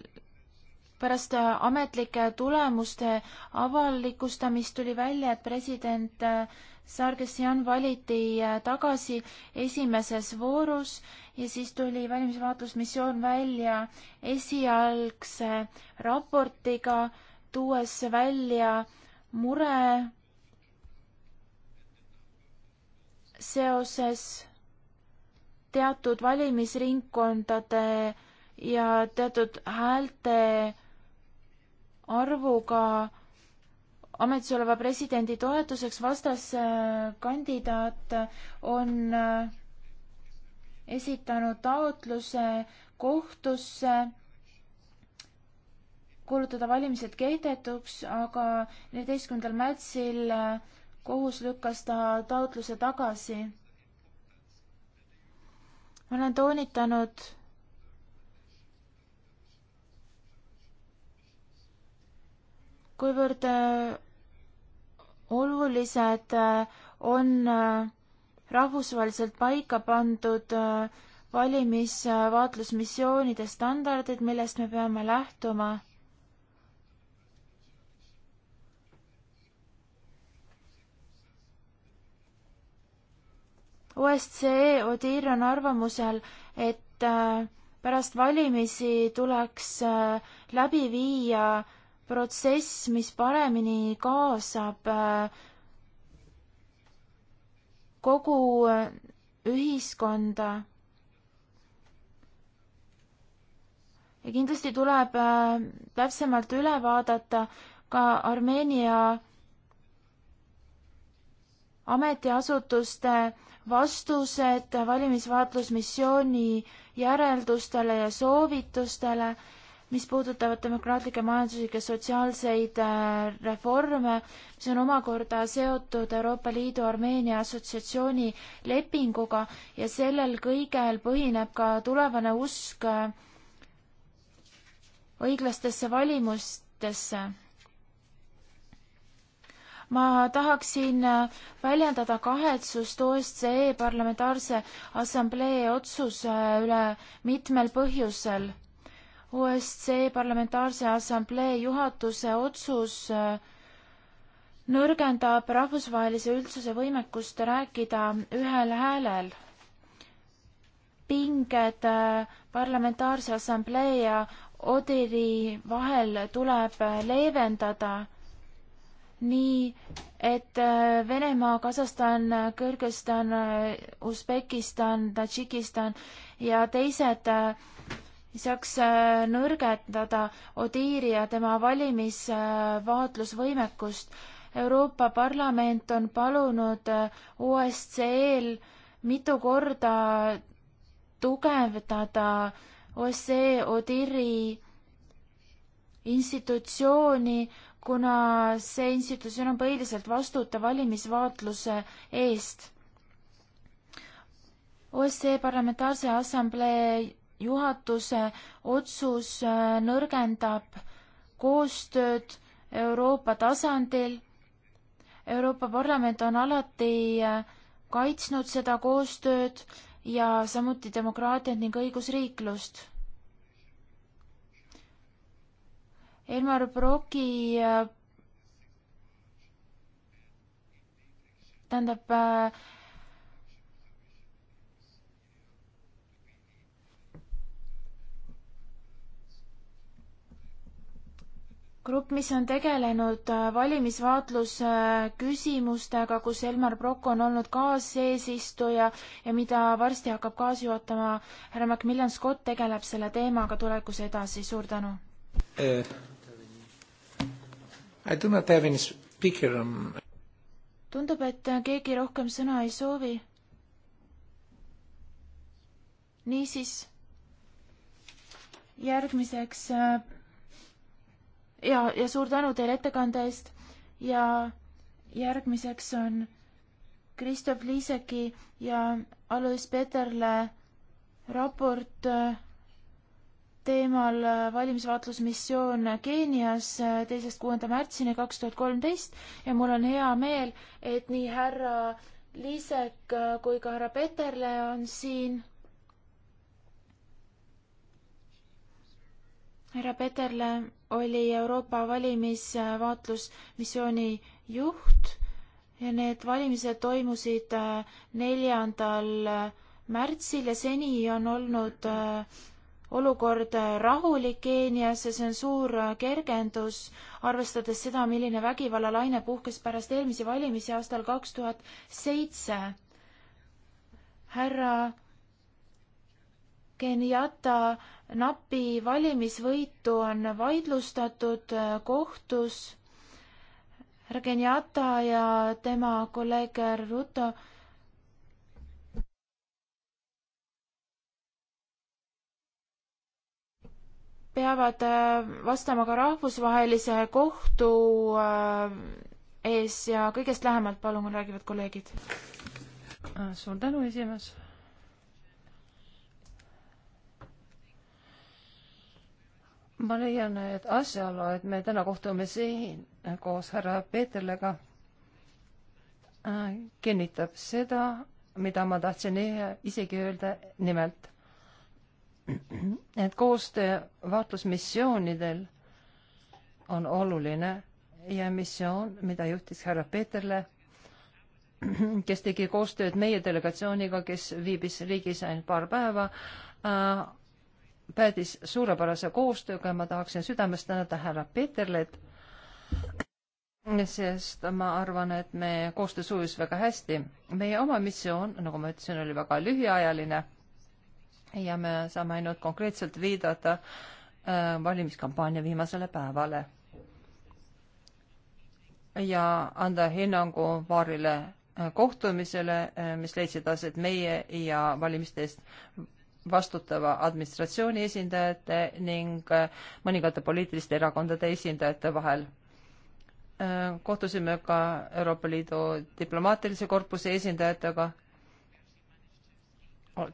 pärast äh, ametlike tulemuste avalikustamist tuli välja, et president äh, Sargesjan valiti äh, tagasi esimeses voorus ja siis tuli valimisvaatlusmissioon välja esialgse raportiga, tuues välja mure seoses teatud valimisringkondade ja teatud häälte arvuga ametis oleva presidendi toetuseks vastaskandidaat on äh, esitanud taotluse kohtusse kuulutada valimised kehtetuks, aga neljateistkümnendal märtsil äh, kohus lükkas ta taotluse tagasi. ma olen toonitanud kuivõrd äh, olulised äh, on äh, rahvusvaheliselt paika pandud äh, valimisvaatlusmissioonide standardid, millest me peame lähtuma. OSCE Odir on arvamusel, et pärast valimisi tuleks läbi viia äh, protsess, mis paremini kaasab äh, kogu äh, ühiskonda. ja kindlasti tuleb äh, täpsemalt üle vaadata ka Armeenia ametiasutuste vastused valimisvaatlusmissiooni järeldustele ja soovitustele mis puudutavad demokraatlikke majanduslikke sotsiaalseid äh, reforme, mis on omakorda seotud Euroopa Liidu Armeenia assotsiatsiooni lepinguga ja sellel kõigel põhineb ka tulevane usk äh, õiglastesse valimustesse. ma tahaksin äh, väljendada kahetsust OSCE Parlamentaarse Assamblee otsuse üle mitmel põhjusel OSCE Parlamentaarse Assamblee juhatuse otsus äh, nõrgendab rahvusvahelise üldsuse võimekust rääkida ühel häälel. pinged äh, Parlamentaarse Assamblee ja Odiri vahel tuleb äh, leevendada nii, et Venemaa, Kasahstan, Kõrgõzstan, Usbekistan, Tadžikistan ja teised lisaks äh, nõrgendada Odiiri ja tema valimisvaatlusvõimekust. Euroopa Parlament on palunud äh, OSCE-l mitu korda tugevdada OSCE Odiiri institutsiooni, kuna see institutsioon on põhiliselt vastutav valimisvaatluse eest OSCE Parlamentaarse Assamblee juhatuse otsus äh, nõrgendab koostööd Euroopa tasandil. Euroopa Parlament on alati äh, kaitsnud seda koostööd ja samuti demokraatiat ning õigusriiklust. Elmar Broki äh, tähendab äh, grupp, mis on tegelenud äh, valimisvaatluse küsimustega, kus Elmar Brok on olnud kaaseesistuja ja mida varsti hakkab kaasjuhatama härra Macmillan Scott, tegeleb selle teemaga tulevikus edasi, suur tänu uh,. Um... tundub, et äh, keegi rohkem sõna ei soovi. niisiis, järgmiseks uh, ja, ja suur tänu teile ettekande eest ja järgmiseks on Kristof Liiseki ja Alois Peterle raport äh, teemal äh, valimisvaatlusmissioon Keenias äh, teisest kuuenda märtsini kaks tuhat kolmteist ja mul on hea meel, et nii härra Liisek kui ka härra Peterle on siin. härra Peterle oli Euroopa valimisvaatlusmissiooni juht ja need valimised toimusid äh, neljandal äh, märtsil ja seni on olnud äh, olukord rahulik Keenias ja see on suur kergendus, arvestades seda, milline vägivallalaine puhkes pärast eelmisi valimisi aastal kaks tuhat seitse. härra Kenyatta napi valimisvõitu on vaidlustatud äh, kohtus. härra Kenyatta ja tema kolleeg Ruto peavad äh, vastama ka rahvusvahelise kohtu äh, ees ja kõigest lähemalt palun räägivad kolleegid. suur tänu, esimees
ma leian, et asjaolu, et me täna kohtume siin koos härra Peeterlega, äh, kinnitab seda, mida ma tahtsin e-, isegi öelda, nimelt, et koostöö vaatlusmissioonidel on oluline ja missioon, mida juhtis härra Peeterle, kes tegi koostööd meie delegatsiooniga, kes viibis riigis ainult paar päeva, äh, päädis suurepärase koostööga ja ma tahaksin südamest tänada härra Peterlet, sest ma arvan, et me koostöö sujus väga hästi. meie oma missioon, nagu ma ütlesin, oli väga lühiajaline ja me saame ainult konkreetselt viidata äh, valimiskampaania viimasele päevale ja anda hinnangu paarile äh, kohtumisele, äh, mis leidsid aset meie ja valimistest vastutava administratsiooni esindajate ning äh, mõningate poliitiliste erakondade esindajate vahel. Äh, kohtusime ka Euroopa Liidu diplomaatilise korpuse esindajatega,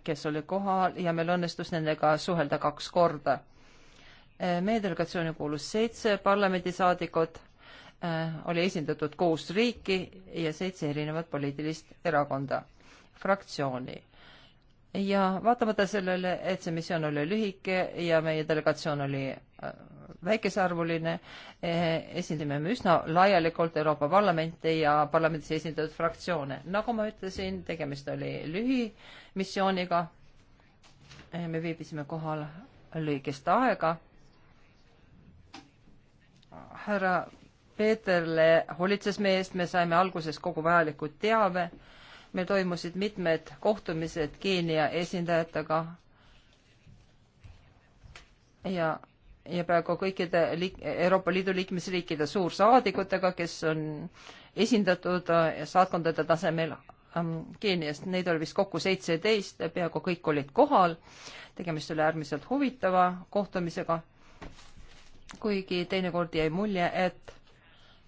kes oli kohal ja meil õnnestus nendega suhelda kaks korda. Äh, meie delegatsiooni kuulus seitse parlamendisaadikut, oli esindatud kuus riiki ja seitse erinevat poliitilist erakonda, fraktsiooni ja vaatamata sellele, et see missioon oli lühike ja meie delegatsioon oli äh, väikesearvuline, eh, esindame me üsna laialikult Euroopa Parlamenti ja parlamendis esindatud fraktsioone. nagu ma ütlesin, tegemist oli lühimissiooniga. Eh, me viibisime kohal lühikest aega. härra Peeterle hoolitses meie eest, me saime alguses kogu vajaliku teave meil toimusid mitmed kohtumised Keenia esindajatega ja, ja praegu kõikide liik, Euroopa Liidu liikmesriikide suursaadikutega, kes on esindatud äh, saatkondade tasemel ähm, Keeniast, neid oli vist kokku seitseteist, peaaegu kõik olid kohal. tegemist oli äärmiselt huvitava kohtumisega. kuigi teinekord jäi mulje, et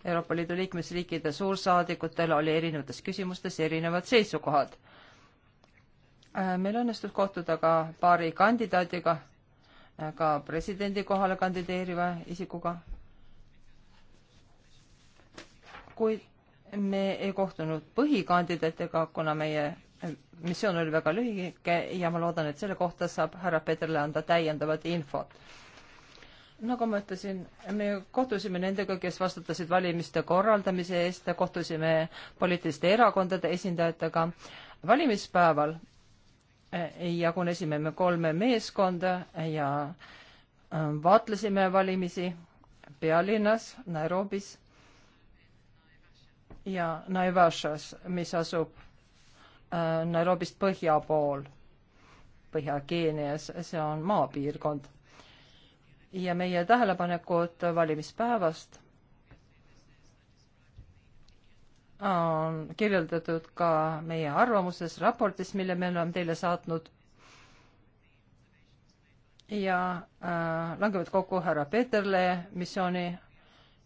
Euroopa Liidu liikmesriikide suursaadikutel oli erinevates küsimustes erinevad seisukohad. Äh, meil õnnestus kohtuda ka paari kandidaadiga, äh, ka presidendi kohale kandideeriva isikuga. kuid me ei kohtunud põhikandidaatidega, kuna meie äh, missioon oli väga lühike ja ma loodan, et selle kohta saab härra Peterle anda täiendavat infot nagu ma ütlesin, me kohtusime nendega, kes vastutasid valimiste korraldamise eest, kohtusime poliitiliste erakondade esindajatega. valimispäeval eh, jagunesime me kolme meeskonda ja eh, vaatlesime valimisi pealinnas Nairobis ja Naivashas, mis asub eh, Nairobist põhja pool, Põhja-Keenias, see on maapiirkond ja meie tähelepanekud valimispäevast on kirjeldatud ka meie arvamuses, raportis, mille me oleme teile saatnud ja äh, langevad kokku härra Peeterle missiooni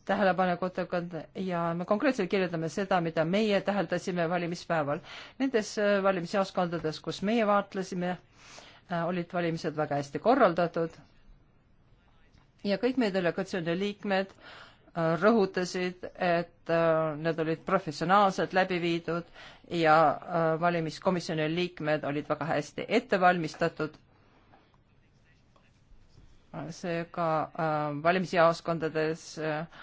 tähelepanekutega ja me konkreetselt kirjeldame seda, mida meie täheldasime valimispäeval. Nendes äh, valimisjaoskondades, kus meie vaatlesime, äh, olid valimised väga hästi korraldatud ja kõik meie delegatsiooni liikmed äh, rõhutasid, et äh, need olid professionaalselt läbi viidud ja äh, valimiskomisjoni liikmed olid väga hästi ette valmistatud. seega valimisjaoskondades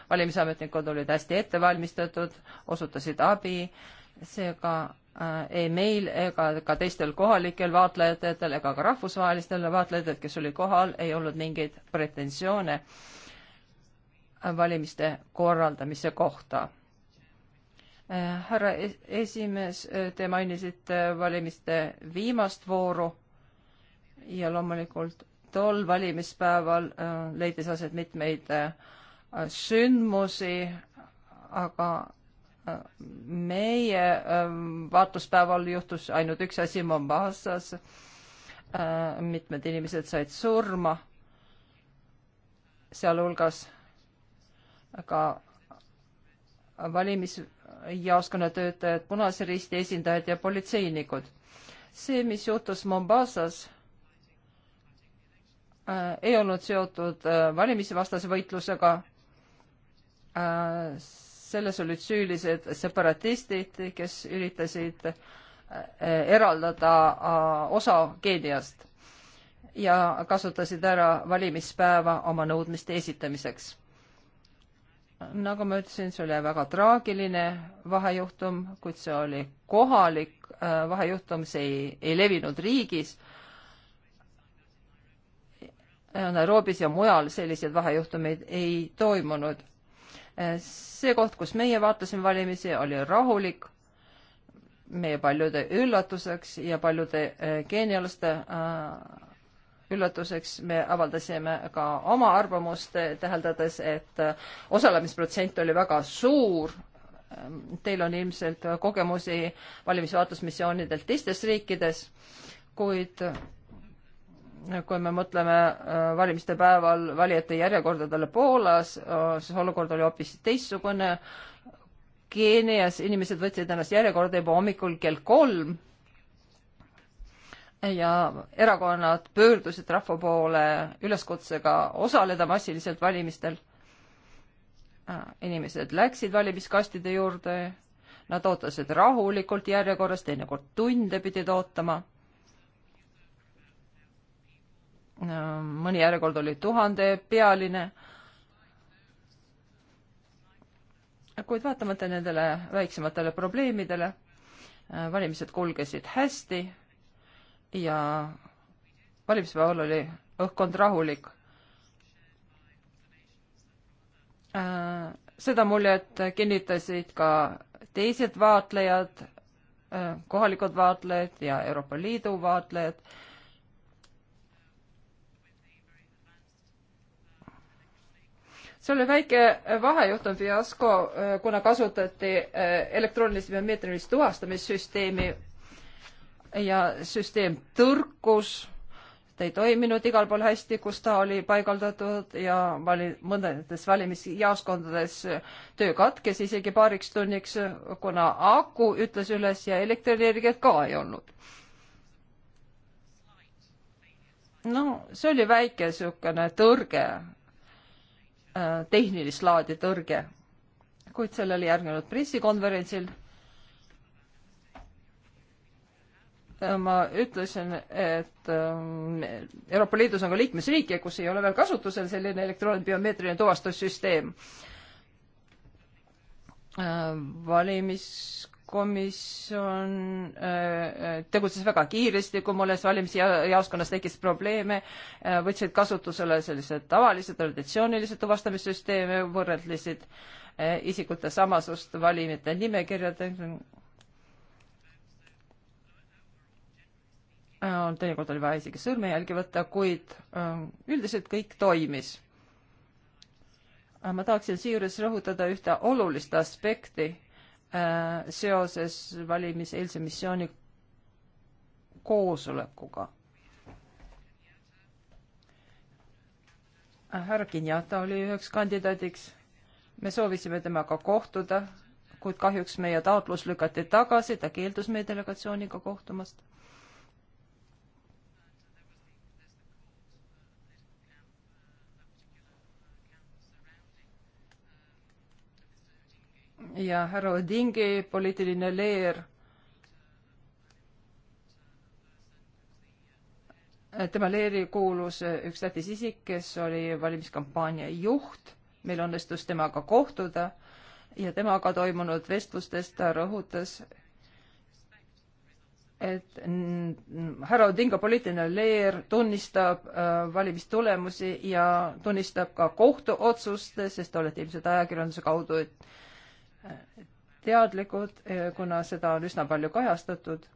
valimisametnikud olid hästi ette valmistatud, osutasid abi seega äh, ei meil ega ka teistel kohalikel vaatlejatel ega ka rahvusvahelistel vaatlejatel, kes olid kohal, ei olnud mingeid pretensioone äh, valimiste korraldamise kohta. Äh, härra esimees, te mainisite valimiste viimast vooru ja loomulikult tol valimispäeval leidis aset mitmeid sündmusi, aga meie ähm, vaatuspäeval juhtus ainult üks asi Mombasas. Äh, mitmed inimesed said surma, sealhulgas ka valimisjaoskonna töötajad, Punase Risti esindajad ja politseinikud. see, mis juhtus Mombasas, äh, ei olnud seotud äh, valimisvastase võitlusega selles olid süülised separatistid, kes üritasid äh, eraldada äh, osa Keeniast ja kasutasid ära valimispäeva oma nõudmiste esitamiseks. nagu ma ütlesin, see oli väga traagiline vahejuhtum, kuid see oli kohalik äh, vahejuhtum, see ei, ei levinud riigis. Nairobis ja mujal selliseid vahejuhtumeid ei toimunud see koht, kus meie vaatasime valimisi, oli rahulik meie paljude üllatuseks ja paljude äh, geenialaste äh, üllatuseks me avaldasime ka oma arvamust, äh, täheldades, et osalemisprotsent oli väga suur. Teil on ilmselt kogemusi valimisvaatlusmissioonidelt teistes riikides, kuid kui me mõtleme äh, valimiste päeval valijate järjekordadele Poolas, äh, siis olukord oli hoopis teistsugune. Keenias inimesed võtsid ennast järjekorda juba hommikul kell kolm ja erakonnad pöördusid rahva poole üleskutsega osaleda massiliselt valimistel. Äh, inimesed läksid valimiskastide juurde, nad ootasid rahulikult järjekorras, teinekord tunde pidid ootama mõni järjekord oli tuhandepealine. kuid vaatamata nendele väiksematele probleemidele, äh, valimised kulgesid hästi ja valimispäeval oli õhkkond rahulik. Äh, seda muljet kinnitasid ka teised vaatlejad, äh, kohalikud vaatlejad ja Euroopa Liidu vaatlejad see oli väike vahejuhtum fiasko, äh, kuna kasutati äh, elektroonilist biomeetrilist tuvastamissüsteemi ja süsteem tõrkus, ta ei toiminud igal pool hästi, kus ta oli paigaldatud ja vali-, mõndades valimisjaoskondades töö katkes isegi paariks tunniks, kuna aku ütles üles ja elektrienergiat ka ei olnud. no see oli väike niisugune tõrge Äh, tehnilist laadi tõrge. kuid sellele järgnenud pressikonverentsil äh, ma ütlesin, et äh, Euroopa Liidus on ka liikmesriike, kus ei ole veel kasutusel selline elektrooniline biomeetriline tuvastussüsteem. valimis komisjon äh, äh, tegutses väga kiiresti, kui mulle valimisjaoskonnas tekkis probleeme, äh, võtsid kasutusele sellised tavalised traditsioonilised tuvastamissüsteeme, võrdlesid isikute samasust valimite nimekirjade. teinekord oli vaja isegi sõrmejälgi võtta, kuid üldiselt kõik toimis ma tahaksin seejuures rõhutada ühte olulist aspekti, Äh, seoses valimiseelse missiooni koosolekuga. härra Kenyatta oli üheks kandidaadiks. me soovisime temaga kohtuda, kuid kahjuks meie taotlus lükati tagasi, ta keeldus meie delegatsiooniga kohtumast ja härra Odingi poliitiline leer tema leeri kuulus üks tähtis isik, kes oli valimiskampaania juht, meil õnnestus temaga kohtuda ja temaga toimunud vestlustes ta rõhutas, et härra Odinga poliitiline leer tunnistab äh, valimistulemusi ja tunnistab ka kohtuotsuste, sest te olete ilmselt ajakirjanduse kaudu teadlikud, eh, kuna seda on üsna palju kajastatud.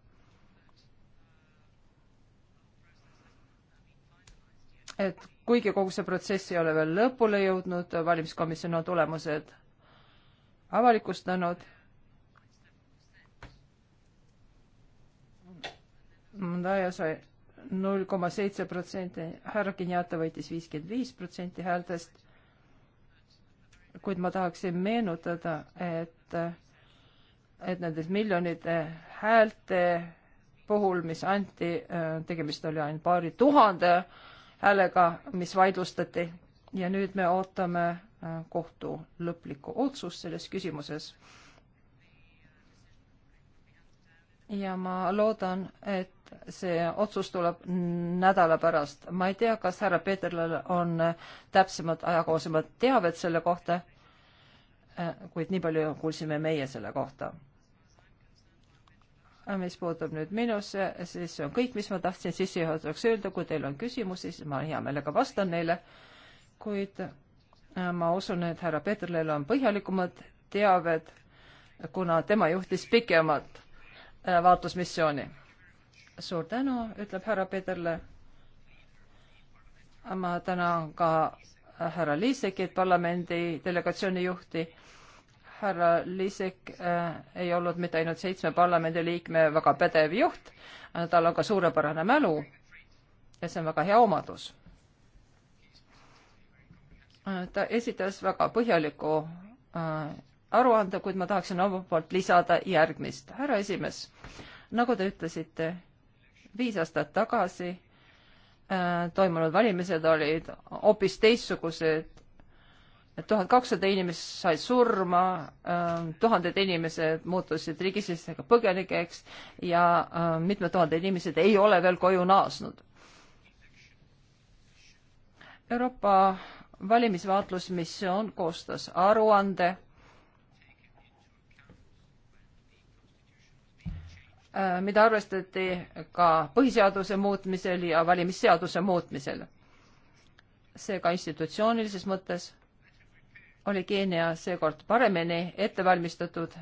et kuigi kogu see protsess ei ole veel lõpule jõudnud, valimiskomisjon on tulemused avalikustanud. Mandaja sai null koma seitse protsenti, härra Kenyatta võitis viiskümmend viis protsenti häältest kuid ma tahaksin meenutada, et, et nendes miljonite häälte puhul, mis anti, tegemist oli ainult paari tuhande häälega, mis vaidlustati ja nüüd me ootame kohtu lõplikku otsust selles küsimuses. ja ma loodan, et see otsus tuleb nädala pärast. ma ei tea, kas härra Peeterlal on täpsemat ajakohasemat teavet selle kohta, kuid nii palju kuulsime meie selle kohta. mis puutub nüüd minusse, siis see on kõik, mis ma tahtsin sissejuhatuseks öelda, kui teil on küsimusi, siis ma hea meelega vastan neile, kuid äh, ma usun, et härra Peeterlil on põhjalikumad teaved, kuna tema juhtis pikemalt äh, vaatlusmissiooni suur tänu, ütleb härra Pederle. ma tänan ka härra Liisekit, parlamendi delegatsiooni juhti. härra Liisek äh, ei olnud mitte ainult seitsme parlamendiliikme väga pädev juht, äh, tal on ka suurepärane mälu ja see on väga hea omadus. Äh, ta esitas väga põhjaliku äh, aruande, kuid ma tahaksin omalt poolt lisada järgmist. härra esimees, nagu te ütlesite viis aastat tagasi äh, toimunud valimised olid hoopis teistsugused. tuhat kakssada inimest said surma, äh, tuhanded inimesed muutusid riigisisestega põgenikeks ja äh, mitmed tuhanded inimesed ei ole veel koju naasnud. Euroopa valimisvaatlusmissioon koostas aruande Äh, mida arvestati ka põhiseaduse muutmisel ja valimisseaduse muutmisel. seega institutsioonilises mõttes oli Keenia seekord paremini ette valmistatud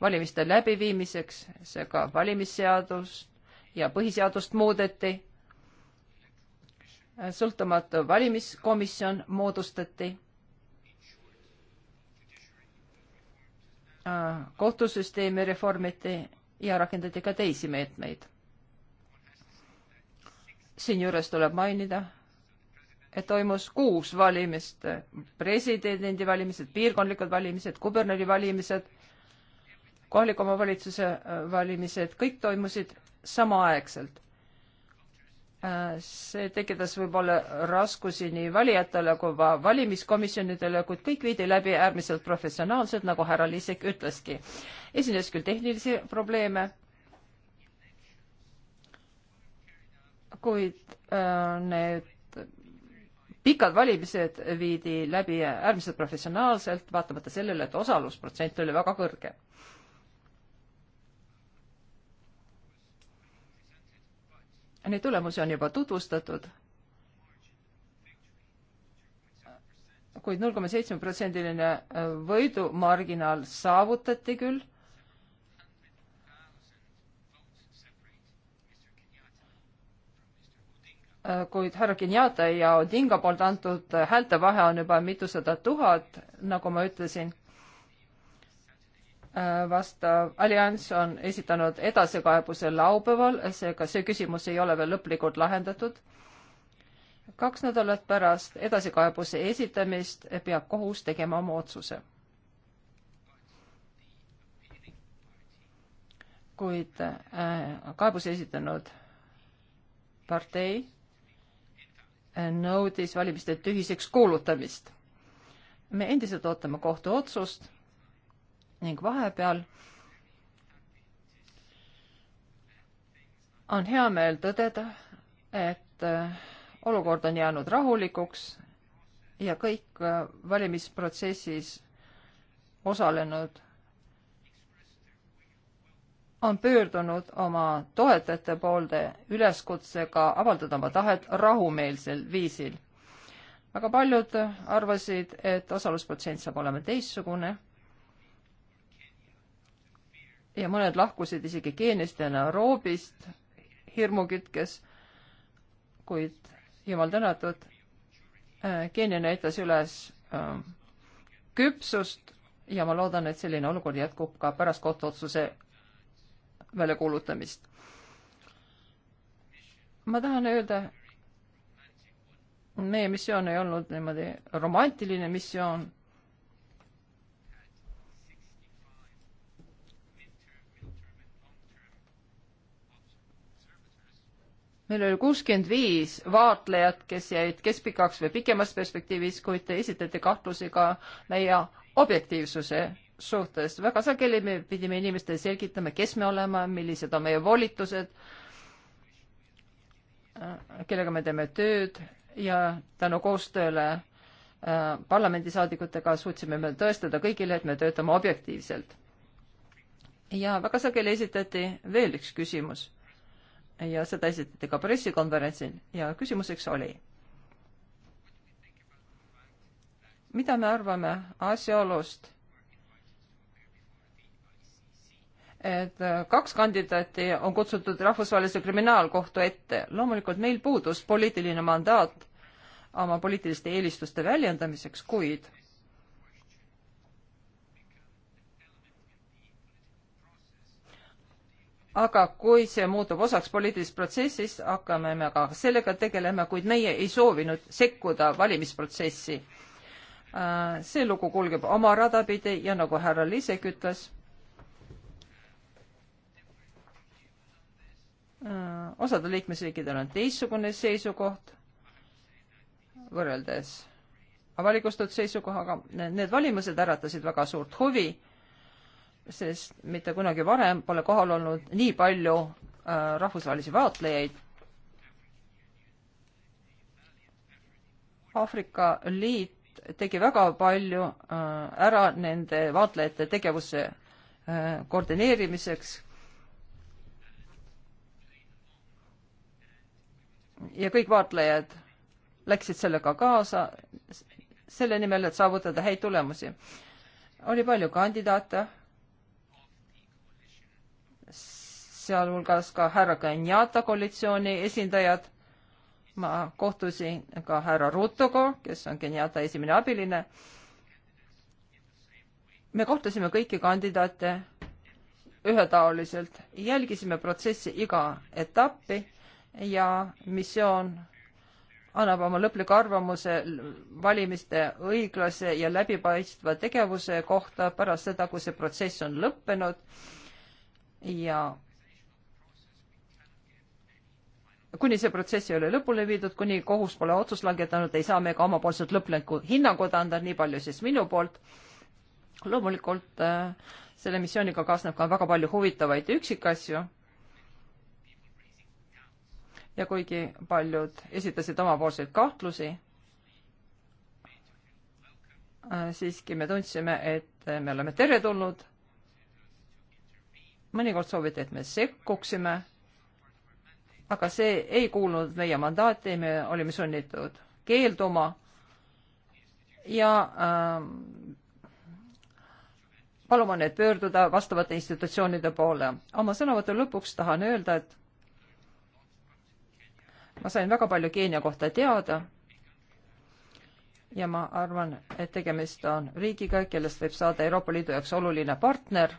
valimiste läbiviimiseks, seega valimisseadust ja põhiseadust muudeti. sõltumatu valimiskomisjon moodustati äh, kohtusüsteemi reformiti ja rakendati ka teisi meetmeid. siinjuures tuleb mainida, et toimus kuus valimist, presidendi valimised, piirkondlikud valimised, kuberneri valimised, kohaliku omavalitsuse äh, valimised, kõik toimusid samaaegselt. Äh, see tekitas võib-olla raskusi nii valijatele kui ka valimiskomisjonidele, kuid kõik viidi läbi äärmiselt professionaalselt, nagu härra Liisek ütleski esines küll tehnilisi probleeme, kuid äh, need pikad valimised viidi läbi äärmiselt professionaalselt, vaatamata sellele, et osalusprotsent oli väga kõrge Neid tulemusi on juba tutvustatud kuid, kuid null koma seitsme protsendiline võidumarginaal saavutati küll Äh, kuid härra Kenyatta ja Odinga poolt antud äh, häältevahe on juba mitusada tuhat, nagu ma ütlesin. Äh, vastav allianss on esitanud edasikaebuse laupäeval, seega see küsimus ei ole veel lõplikult lahendatud. kaks nädalat pärast edasikaebuse esitamist peab kohus tegema oma otsuse. kuid kaebuse esitanud partei nõudis valimiste tühiseks kuulutamist. me endiselt ootame kohtuotsust ning vahepeal on hea meel tõdeda, et äh, olukord on jäänud rahulikuks ja kõik äh, valimisprotsessis osalenud on pöördunud oma toetajate poolde üleskutsega avaldada oma tahet rahumeelsel viisil. väga paljud arvasid, et osalusprotsent saab olema teistsugune ja mõned lahkusid isegi Keeniast ja Nairobist hirmu kütkes, kuid jumal tänatud, Keenia äh, näitas üles äh, küpsust ja ma loodan, et selline olukord jätkub ka pärast kohtuotsuse väljakuulutamist. ma tahan öelda, meie missioon ei olnud niimoodi romantiline missioon. meil oli kuuskümmend viis vaatlejat, kes jäid keskpikaks või pikemas perspektiivis, kuid esitati kahtlusi ka meie objektiivsuse suhtes. väga sageli me pidime inimestele selgitama, kes me oleme, millised on meie volitused, kellega me teeme tööd ja tänu koostööle äh, parlamendisaadikutega suutsime me tõestada kõigile, et me töötame objektiivselt. ja väga sageli esitati veel üks küsimus ja seda esitati ka pressikonverentsil ja küsimuseks oli mida me arvame asjaolust, et äh, kaks kandidaati on kutsutud Rahvusvahelise Kriminaalkohtu ette. loomulikult meil puudus poliitiline mandaat oma poliitiliste eelistuste väljendamiseks, kuid aga kui see muutub osaks poliitilisest protsessist, hakkame me ka sellega tegelema, kuid meie ei soovinud sekkuda valimisprotsessi. Äh, see lugu kulgeb oma rada pidi ja nagu härra Liisek ütles Äh, osadel liikmesriikidel on teistsugune seisukoht võrreldes avalikustatud seisukohaga. Need valimised äratasid väga suurt huvi, sest mitte kunagi varem pole kohal olnud nii palju äh, rahvusvahelisi vaatlejaid. Aafrika Liit tegi väga palju äh, ära nende vaatlejate tegevuse koordineerimiseks ja kõik vaatlejad läksid sellega kaasa selle nimel, et saavutada häid tulemusi. oli palju kandidaate, sealhulgas ka härra Kenyatta koalitsiooni esindajad. ma kohtusin ka härra Rutoga, kes on Kenyatta esimene abiline. me kohtusime kõiki kandidaate ühetaoliselt, jälgisime protsessi iga etappi ja missioon annab oma lõpliku arvamuse valimiste õiglase ja läbipaistva tegevuse kohta pärast seda, kui see protsess on lõppenud ja kuni see protsess ei ole lõpule viidud, kuni kohus pole otsust langetanud, ei saa me ka omapoolset lõplikku hinnangut anda, nii palju siis minu poolt. loomulikult äh, selle missiooniga kaasneb ka väga palju huvitavaid üksikasju ja kuigi paljud esitasid omapoolseid kahtlusi, äh, siiski me tundsime, et me oleme teretulnud. mõnikord sooviti, et me sekkuksime, aga see ei kuulnud meie mandaati, me olime sunnitud keelduma ja äh, paluma need pöörduda vastavate institutsioonide poole. oma sõnavõtu lõpuks tahan öelda, et ma sain väga palju Keenia kohta teada ja ma arvan, et tegemist on riigiga, kellest võib saada Euroopa Liidu jaoks oluline partner.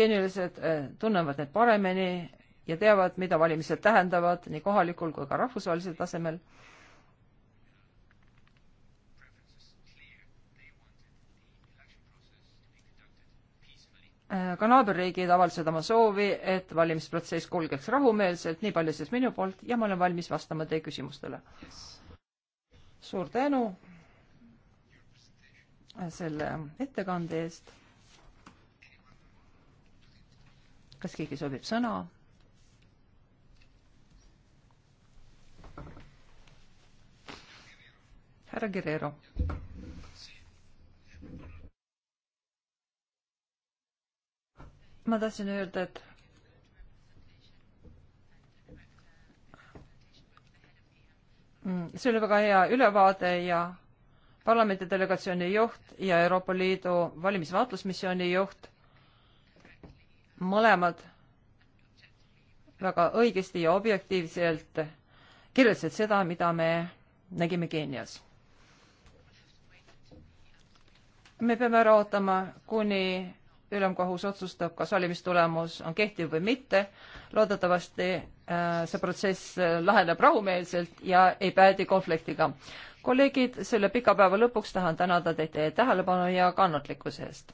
geenilised eh, tunnevad need paremini ja teavad, mida valimised tähendavad nii kohalikul kui ka rahvusvahelisel tasemel Äh, ka naaberriigid avaldasid oma soovi, et valimisprotsess kulgeks rahumeelselt, nii palju siis minu poolt ja ma olen valmis vastama teie küsimustele. suur tänu selle ettekande eest. kas keegi soovib sõna? härra Guerrero. ma tahtsin öelda, et see oli väga hea ülevaade ja parlamendi delegatsiooni juht ja Euroopa Liidu valimisvaatlusmissiooni juht mõlemad väga õigesti ja objektiivselt kirjeldasid seda, mida me nägime Keenias. me peame ära ootama, kuni ülemkohus otsustab, kas valimistulemus on kehtiv või mitte. loodetavasti äh, see protsess äh, laheneb rahumeelselt ja ei päädi konfliktiga. kolleegid, selle pika päeva lõpuks tahan tänada teid teie tähelepanu ja kannatlikkuse eest.